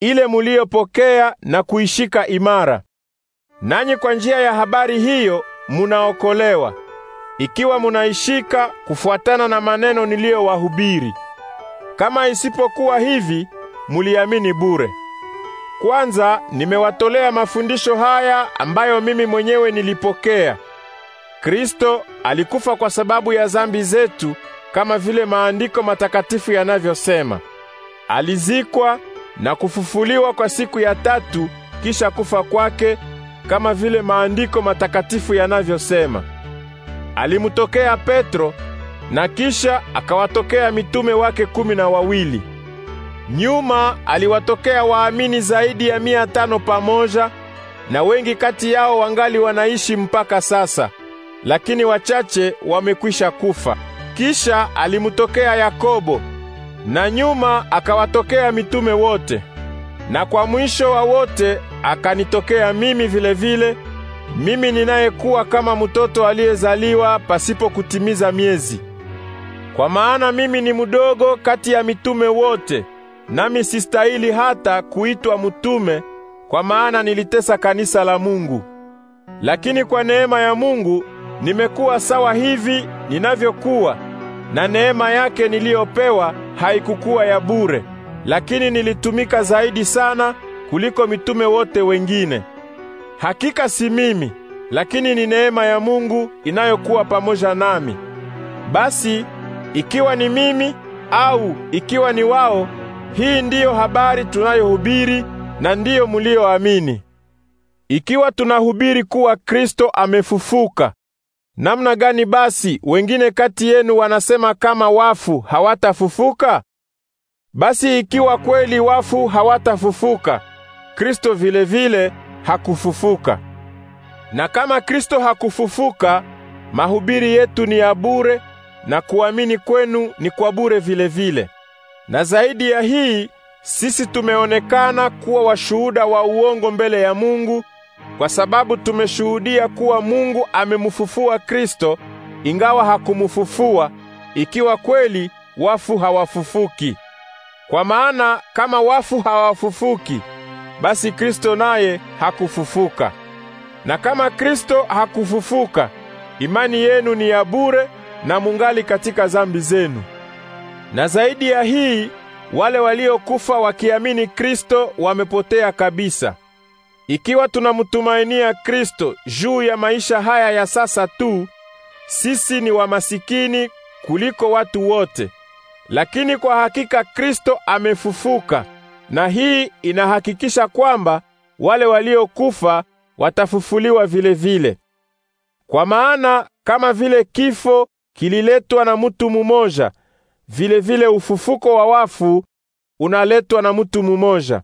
ile muliyopokea na kuishika imara. Nanyi kwa njia ya habari hiyo munaokolewa, ikiwa munaishika kufuatana na maneno niliyowahubiri. Kama isipokuwa hivi, muliamini bure. Kwanza nimewatolea mafundisho haya ambayo mimi mwenyewe nilipokea. Kristo alikufa kwa sababu ya zambi zetu kama vile maandiko matakatifu yanavyosema. Alizikwa na kufufuliwa kwa siku ya tatu kisha kufa kwake kama vile maandiko matakatifu yanavyosema. Alimtokea Petro na kisha akawatokea mitume wake kumi na wawili. Nyuma aliwatokea waamini zaidi ya mia tano pamoja, na wengi kati yao wangali wanaishi mpaka sasa, lakini wachache wamekwisha kufa. Kisha alimtokea Yakobo, na nyuma akawatokea mitume wote, na kwa mwisho wa wote akanitokea mimi vile vile, mimi ninayekuwa kama mtoto aliyezaliwa pasipo kutimiza miezi. Kwa maana mimi ni mdogo kati ya mitume wote, nami sistahili hata kuitwa mtume, kwa maana nilitesa kanisa la Mungu. Lakini kwa neema ya Mungu nimekuwa sawa hivi ninavyokuwa, na neema yake niliyopewa haikukuwa ya bure, lakini nilitumika zaidi sana kuliko mitume wote wengine. Hakika si mimi, lakini ni neema ya Mungu inayokuwa pamoja nami. Basi ikiwa ni mimi au ikiwa ni wao, hii ndiyo habari tunayohubiri na ndiyo mlioamini. Ikiwa tunahubiri kuwa Kristo amefufuka, namna gani basi wengine kati yenu wanasema kama wafu hawatafufuka? Basi ikiwa kweli wafu hawatafufuka, Kristo vile vile hakufufuka. Na kama Kristo hakufufuka, mahubiri yetu ni ya bure na kuamini kwenu ni kwa bure vile vile. Na zaidi ya hii, sisi tumeonekana kuwa washuhuda wa uongo mbele ya Mungu, kwa sababu tumeshuhudia kuwa Mungu amemufufua Kristo, ingawa hakumufufua, ikiwa kweli wafu hawafufuki. Kwa maana kama wafu hawafufuki, basi Kristo naye hakufufuka. Na kama Kristo hakufufuka, imani yenu ni ya bure na mungali katika zambi zenu. Na zaidi ya hii, wale waliokufa wakiamini Kristo wamepotea kabisa. Ikiwa tunamtumainia Kristo juu ya maisha haya ya sasa tu, sisi ni wamasikini kuliko watu wote. Lakini kwa hakika Kristo amefufuka, na hii inahakikisha kwamba wale waliokufa watafufuliwa vile vile. Kwa maana kama vile kifo kililetwa na mutu mumoja, vile vile ufufuko wa wafu unaletwa na mutu mumoja.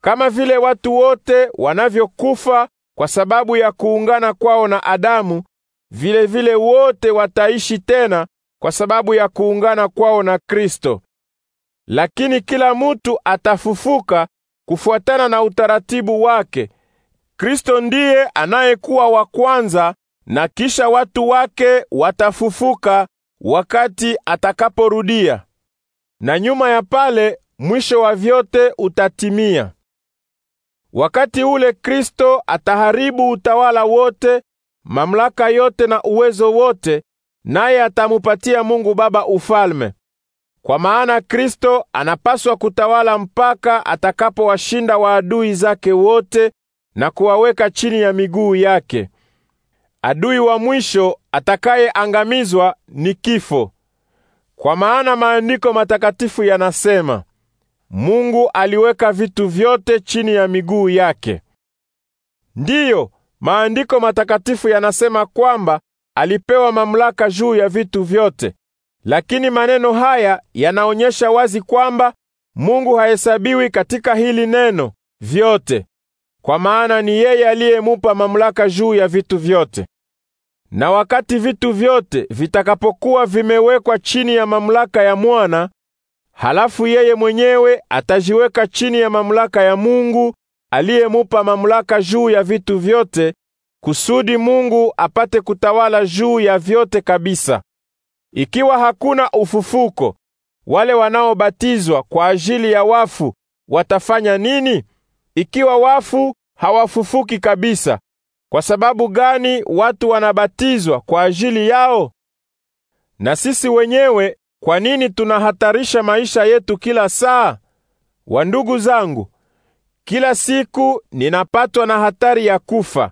Kama vile watu wote wanavyokufa kwa sababu ya kuungana kwao na Adamu, vile vile wote wataishi tena kwa sababu ya kuungana kwao na Kristo. Lakini kila mutu atafufuka kufuatana na utaratibu wake. Kristo ndiye anayekuwa wa kwanza na kisha watu wake watafufuka wakati atakaporudia, na nyuma ya pale mwisho wa vyote utatimia. Wakati ule Kristo ataharibu utawala wote, mamlaka yote na uwezo wote, naye atamupatia Mungu Baba ufalme. Kwa maana Kristo anapaswa kutawala mpaka atakapowashinda waadui zake wote na kuwaweka chini ya miguu yake. Adui wa mwisho atakayeangamizwa ni kifo. Kwa maana maandiko matakatifu yanasema, Mungu aliweka vitu vyote chini ya miguu yake. Ndiyo, maandiko matakatifu yanasema kwamba alipewa mamlaka juu ya vitu vyote. Lakini maneno haya yanaonyesha wazi kwamba Mungu hahesabiwi katika hili neno vyote, kwa maana ni yeye aliyemupa mamlaka juu ya vitu vyote. Na wakati vitu vyote vitakapokuwa vimewekwa chini ya mamlaka ya mwana, halafu yeye mwenyewe atajiweka chini ya mamlaka ya Mungu aliyemupa mamlaka juu ya vitu vyote, kusudi Mungu apate kutawala juu ya vyote kabisa. Ikiwa hakuna ufufuko, wale wanaobatizwa kwa ajili ya wafu watafanya nini? Ikiwa wafu hawafufuki kabisa, kwa sababu gani watu wanabatizwa kwa ajili yao? Na sisi wenyewe kwa nini tunahatarisha maisha yetu kila saa? Wandugu zangu, kila siku ninapatwa na hatari ya kufa.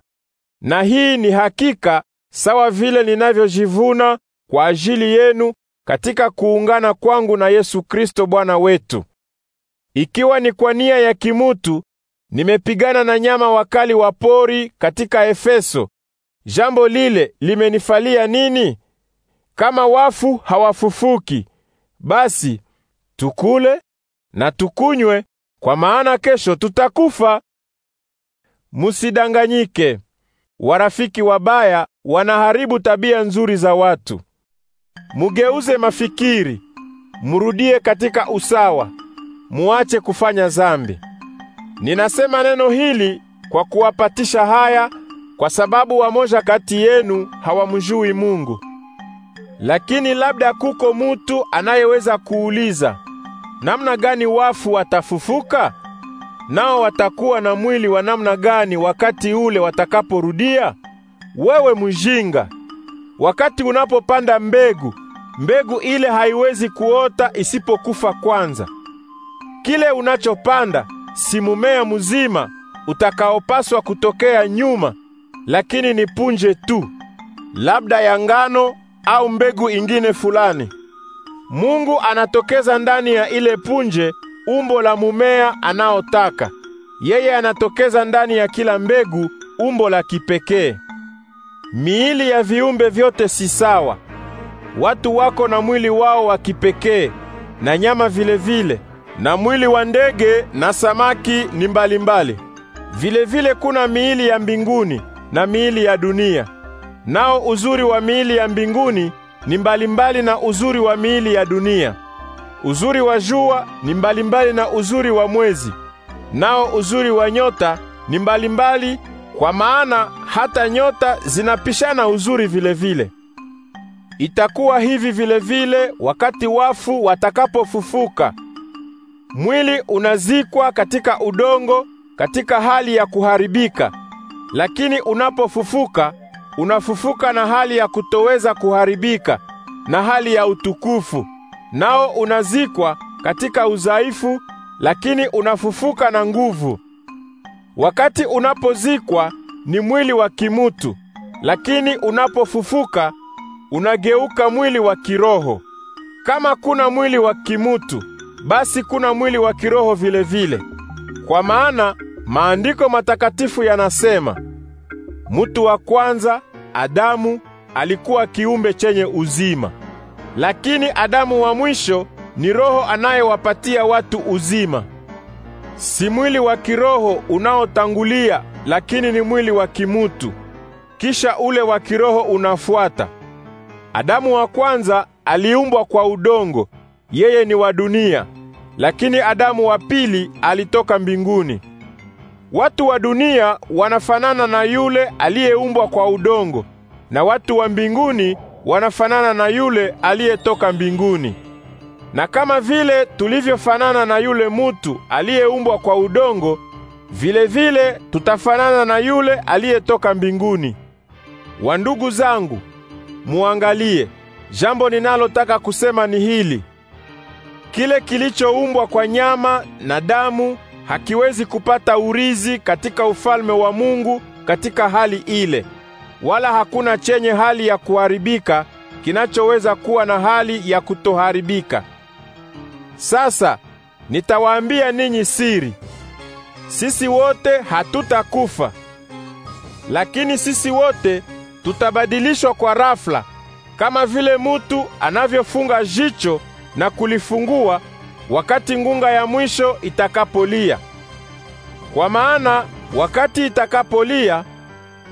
Na hii ni hakika sawa vile ninavyojivuna kwa ajili yenu katika kuungana kwangu na Yesu Kristo Bwana wetu. Ikiwa ni kwa nia ya kimutu Nimepigana na nyama wakali wa pori katika Efeso. Jambo lile limenifalia nini? Kama wafu hawafufuki, basi tukule na tukunywe, kwa maana kesho tutakufa. Musidanganyike. Warafiki wabaya wanaharibu tabia nzuri za watu. Mugeuze mafikiri, murudie katika usawa, muache kufanya zambi. Ninasema neno hili kwa kuwapatisha haya, kwa sababu wamoja kati yenu hawamjui Mungu. Lakini labda kuko mutu anayeweza kuuliza, namna gani wafu watafufuka? Nao watakuwa na mwili wa namna gani wakati ule watakaporudia? Wewe mjinga! Wakati unapopanda mbegu, mbegu ile haiwezi kuota isipokufa kwanza. Kile unachopanda si mumea mzima utakaopaswa kutokea nyuma, lakini ni punje tu, labda ya ngano au mbegu ingine fulani. Mungu anatokeza ndani ya ile punje umbo la mumea anaotaka. Yeye anatokeza ndani ya kila mbegu umbo la kipekee. Miili ya viumbe vyote si sawa. Watu wako na mwili wao wa kipekee na nyama vile vile na mwili wa ndege na samaki ni mbalimbali. Vilevile kuna miili ya mbinguni na miili ya dunia. Nao uzuri wa miili ya mbinguni ni mbalimbali na uzuri wa miili ya dunia. Uzuri wa jua ni mbalimbali na uzuri wa mwezi. Nao uzuri wa nyota ni mbalimbali kwa maana hata nyota zinapishana uzuri vilevile vile. Itakuwa hivi vilevile vile wakati wafu watakapofufuka. Mwili unazikwa katika udongo katika hali ya kuharibika, lakini unapofufuka unafufuka na hali ya kutoweza kuharibika na hali ya utukufu. Nao unazikwa katika udhaifu, lakini unafufuka na nguvu. Wakati unapozikwa ni mwili wa kimutu, lakini unapofufuka unageuka mwili wa kiroho. Kama kuna mwili wa kimutu basi kuna mwili wa kiroho vile vile. Kwa maana maandiko matakatifu yanasema, mtu wa kwanza Adamu alikuwa kiumbe chenye uzima, lakini Adamu wa mwisho ni roho anayewapatia watu uzima. Si mwili wa kiroho unaotangulia, lakini ni mwili wa kimutu, kisha ule wa kiroho unafuata. Adamu wa kwanza aliumbwa kwa udongo, yeye ni wa dunia, lakini Adamu wa pili alitoka mbinguni. Watu wa dunia wanafanana na yule aliyeumbwa kwa udongo, na watu wa mbinguni wanafanana na yule aliyetoka mbinguni. Na kama vile tulivyofanana na yule mutu aliyeumbwa kwa udongo, vile vile tutafanana na yule aliyetoka mbinguni. Wandugu zangu, muangalie. Jambo ninalotaka kusema ni hili: Kile kilichoumbwa kwa nyama na damu hakiwezi kupata urizi katika ufalme wa Mungu katika hali ile, wala hakuna chenye hali ya kuharibika kinachoweza kuwa na hali ya kutoharibika. Sasa nitawaambia ninyi siri, sisi wote hatutakufa, lakini sisi wote tutabadilishwa kwa rafla, kama vile mutu anavyofunga jicho na kulifungua wakati ngunga ya mwisho itakapolia. Kwa maana wakati itakapolia,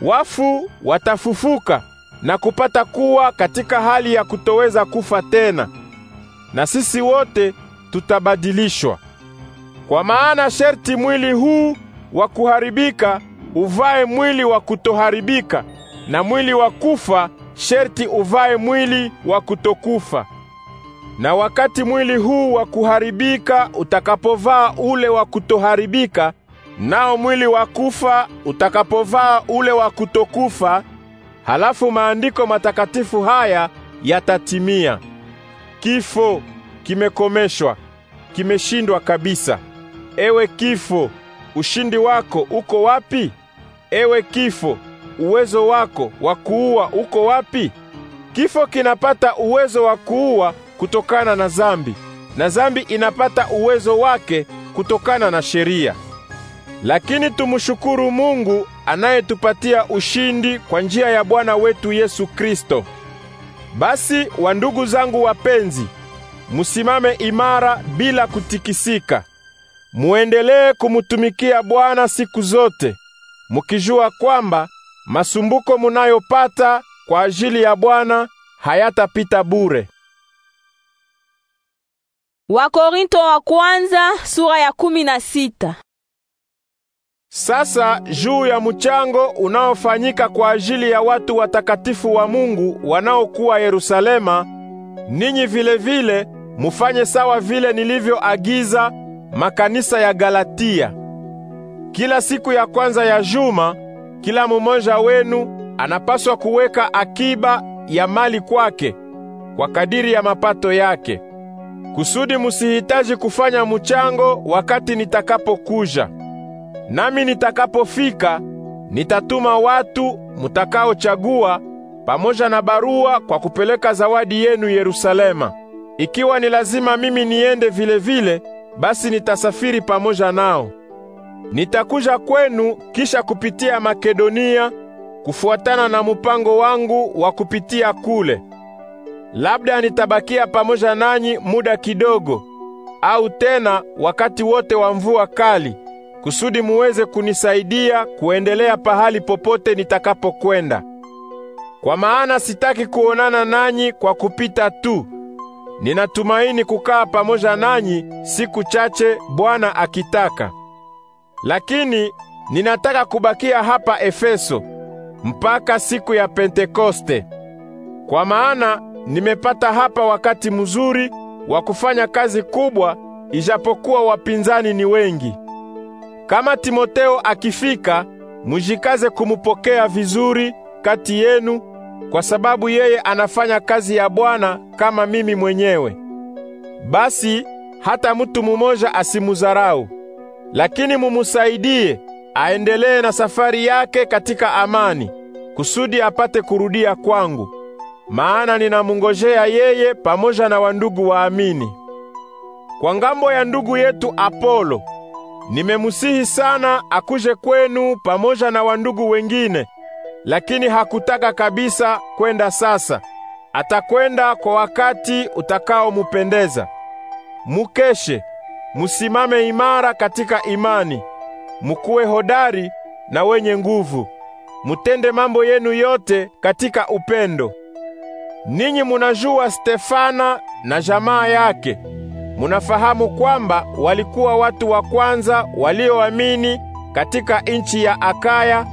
wafu watafufuka na kupata kuwa katika hali ya kutoweza kufa tena, na sisi wote tutabadilishwa. Kwa maana sherti mwili huu wa kuharibika uvae mwili wa kutoharibika, na mwili wa kufa sherti uvae mwili wa kutokufa. Na wakati mwili huu wa kuharibika utakapovaa ule wa kutoharibika, nao mwili wa kufa utakapovaa ule wa kutokufa, halafu maandiko matakatifu haya yatatimia: kifo kimekomeshwa, kimeshindwa kabisa. Ewe kifo, ushindi wako uko wapi? Ewe kifo, uwezo wako wa kuua uko wapi? Kifo kinapata uwezo wa kuua kutokana na zambi, na zambi inapata uwezo wake kutokana na sheria. Lakini tumshukuru Mungu anayetupatia ushindi kwa njia ya Bwana wetu Yesu Kristo. Basi wandugu zangu wapenzi, musimame imara bila kutikisika. Muendelee kumutumikia Bwana siku zote, mukijua kwamba masumbuko munayopata kwa ajili ya Bwana hayatapita bure.
Wakorinto wa kwanza sura ya kumi na sita. Sasa juu ya mchango unaofanyika
kwa ajili ya watu watakatifu wa Mungu wanaokuwa Yerusalema, ninyi vile vile mufanye sawa vile nilivyoagiza makanisa ya Galatia. Kila siku ya kwanza ya juma, kila mumoja wenu anapaswa kuweka akiba ya mali kwake kwa kadiri ya mapato yake kusudi musihitaji kufanya mchango wakati nitakapokuja. Nami nitakapofika nitatuma watu mutakaochagua pamoja na barua kwa kupeleka zawadi yenu Yerusalema. Ikiwa ni lazima mimi niende vile vile, basi nitasafiri pamoja nao. Nitakuja kwenu kisha kupitia Makedonia kufuatana na mpango wangu wa kupitia kule. Labda nitabakia pamoja nanyi muda kidogo, au tena wakati wote wa mvua kali, kusudi muweze kunisaidia kuendelea pahali popote nitakapokwenda. Kwa maana sitaki kuonana nanyi kwa kupita tu. Ninatumaini kukaa pamoja nanyi siku chache Bwana akitaka. Lakini ninataka kubakia hapa Efeso mpaka siku ya Pentekoste. Kwa maana Nimepata hapa wakati mzuri wa kufanya kazi kubwa, ijapokuwa wapinzani ni wengi. Kama Timoteo akifika, mujikaze kumupokea vizuri kati yenu, kwa sababu yeye anafanya kazi ya Bwana kama mimi mwenyewe. Basi hata mtu mmoja asimuzarau lakini mumusaidie aendelee na safari yake katika amani, kusudi apate kurudia kwangu maana ninamungojea yeye pamoja na wandugu waamini. Kwa ngambo ya ndugu yetu Apolo, nimemusihi sana akuje kwenu pamoja na wandugu wengine, lakini hakutaka kabisa kwenda sasa. Atakwenda kwa wakati utakaomupendeza. Mukeshe, musimame imara katika imani, mukuwe hodari na wenye nguvu, mutende mambo yenu yote katika upendo. Ninyi munajua Stefana na jamaa yake. Munafahamu kwamba walikuwa watu wa kwanza walioamini katika nchi ya Akaya,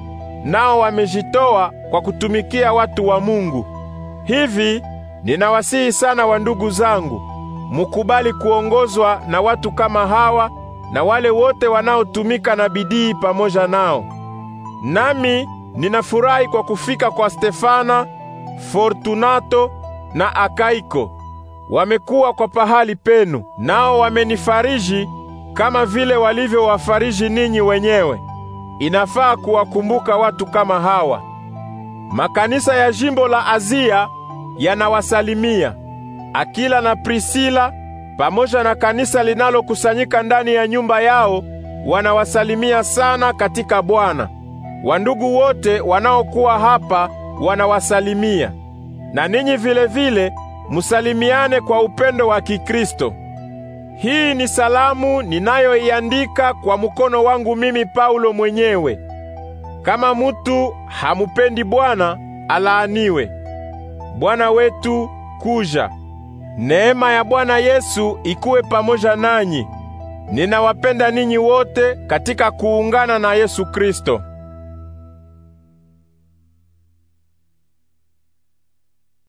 nao wamejitoa kwa kutumikia watu wa Mungu. Hivi ninawasihi sana wa ndugu zangu, mukubali kuongozwa na watu kama hawa na wale wote wanaotumika na bidii pamoja nao. Nami ninafurahi kwa kufika kwa Stefana Fortunato na Akaiko wamekuwa kwa pahali penu, nao wamenifariji kama vile walivyowafariji ninyi wenyewe. Inafaa kuwakumbuka watu kama hawa. Makanisa ya jimbo la Azia yanawasalimia. Akila na Prisila pamoja na kanisa linalokusanyika ndani ya nyumba yao wanawasalimia sana katika Bwana. Wandugu wote wanaokuwa hapa wanawasalimia. Na ninyi vile vile musalimiane kwa upendo wa Kikristo. Hii ni salamu ninayoiandika kwa mkono wangu mimi Paulo mwenyewe. Kama mutu hamupendi Bwana, alaaniwe. Bwana wetu kuja. Neema ya Bwana Yesu ikuwe pamoja nanyi. Ninawapenda ninyi wote katika kuungana na Yesu Kristo.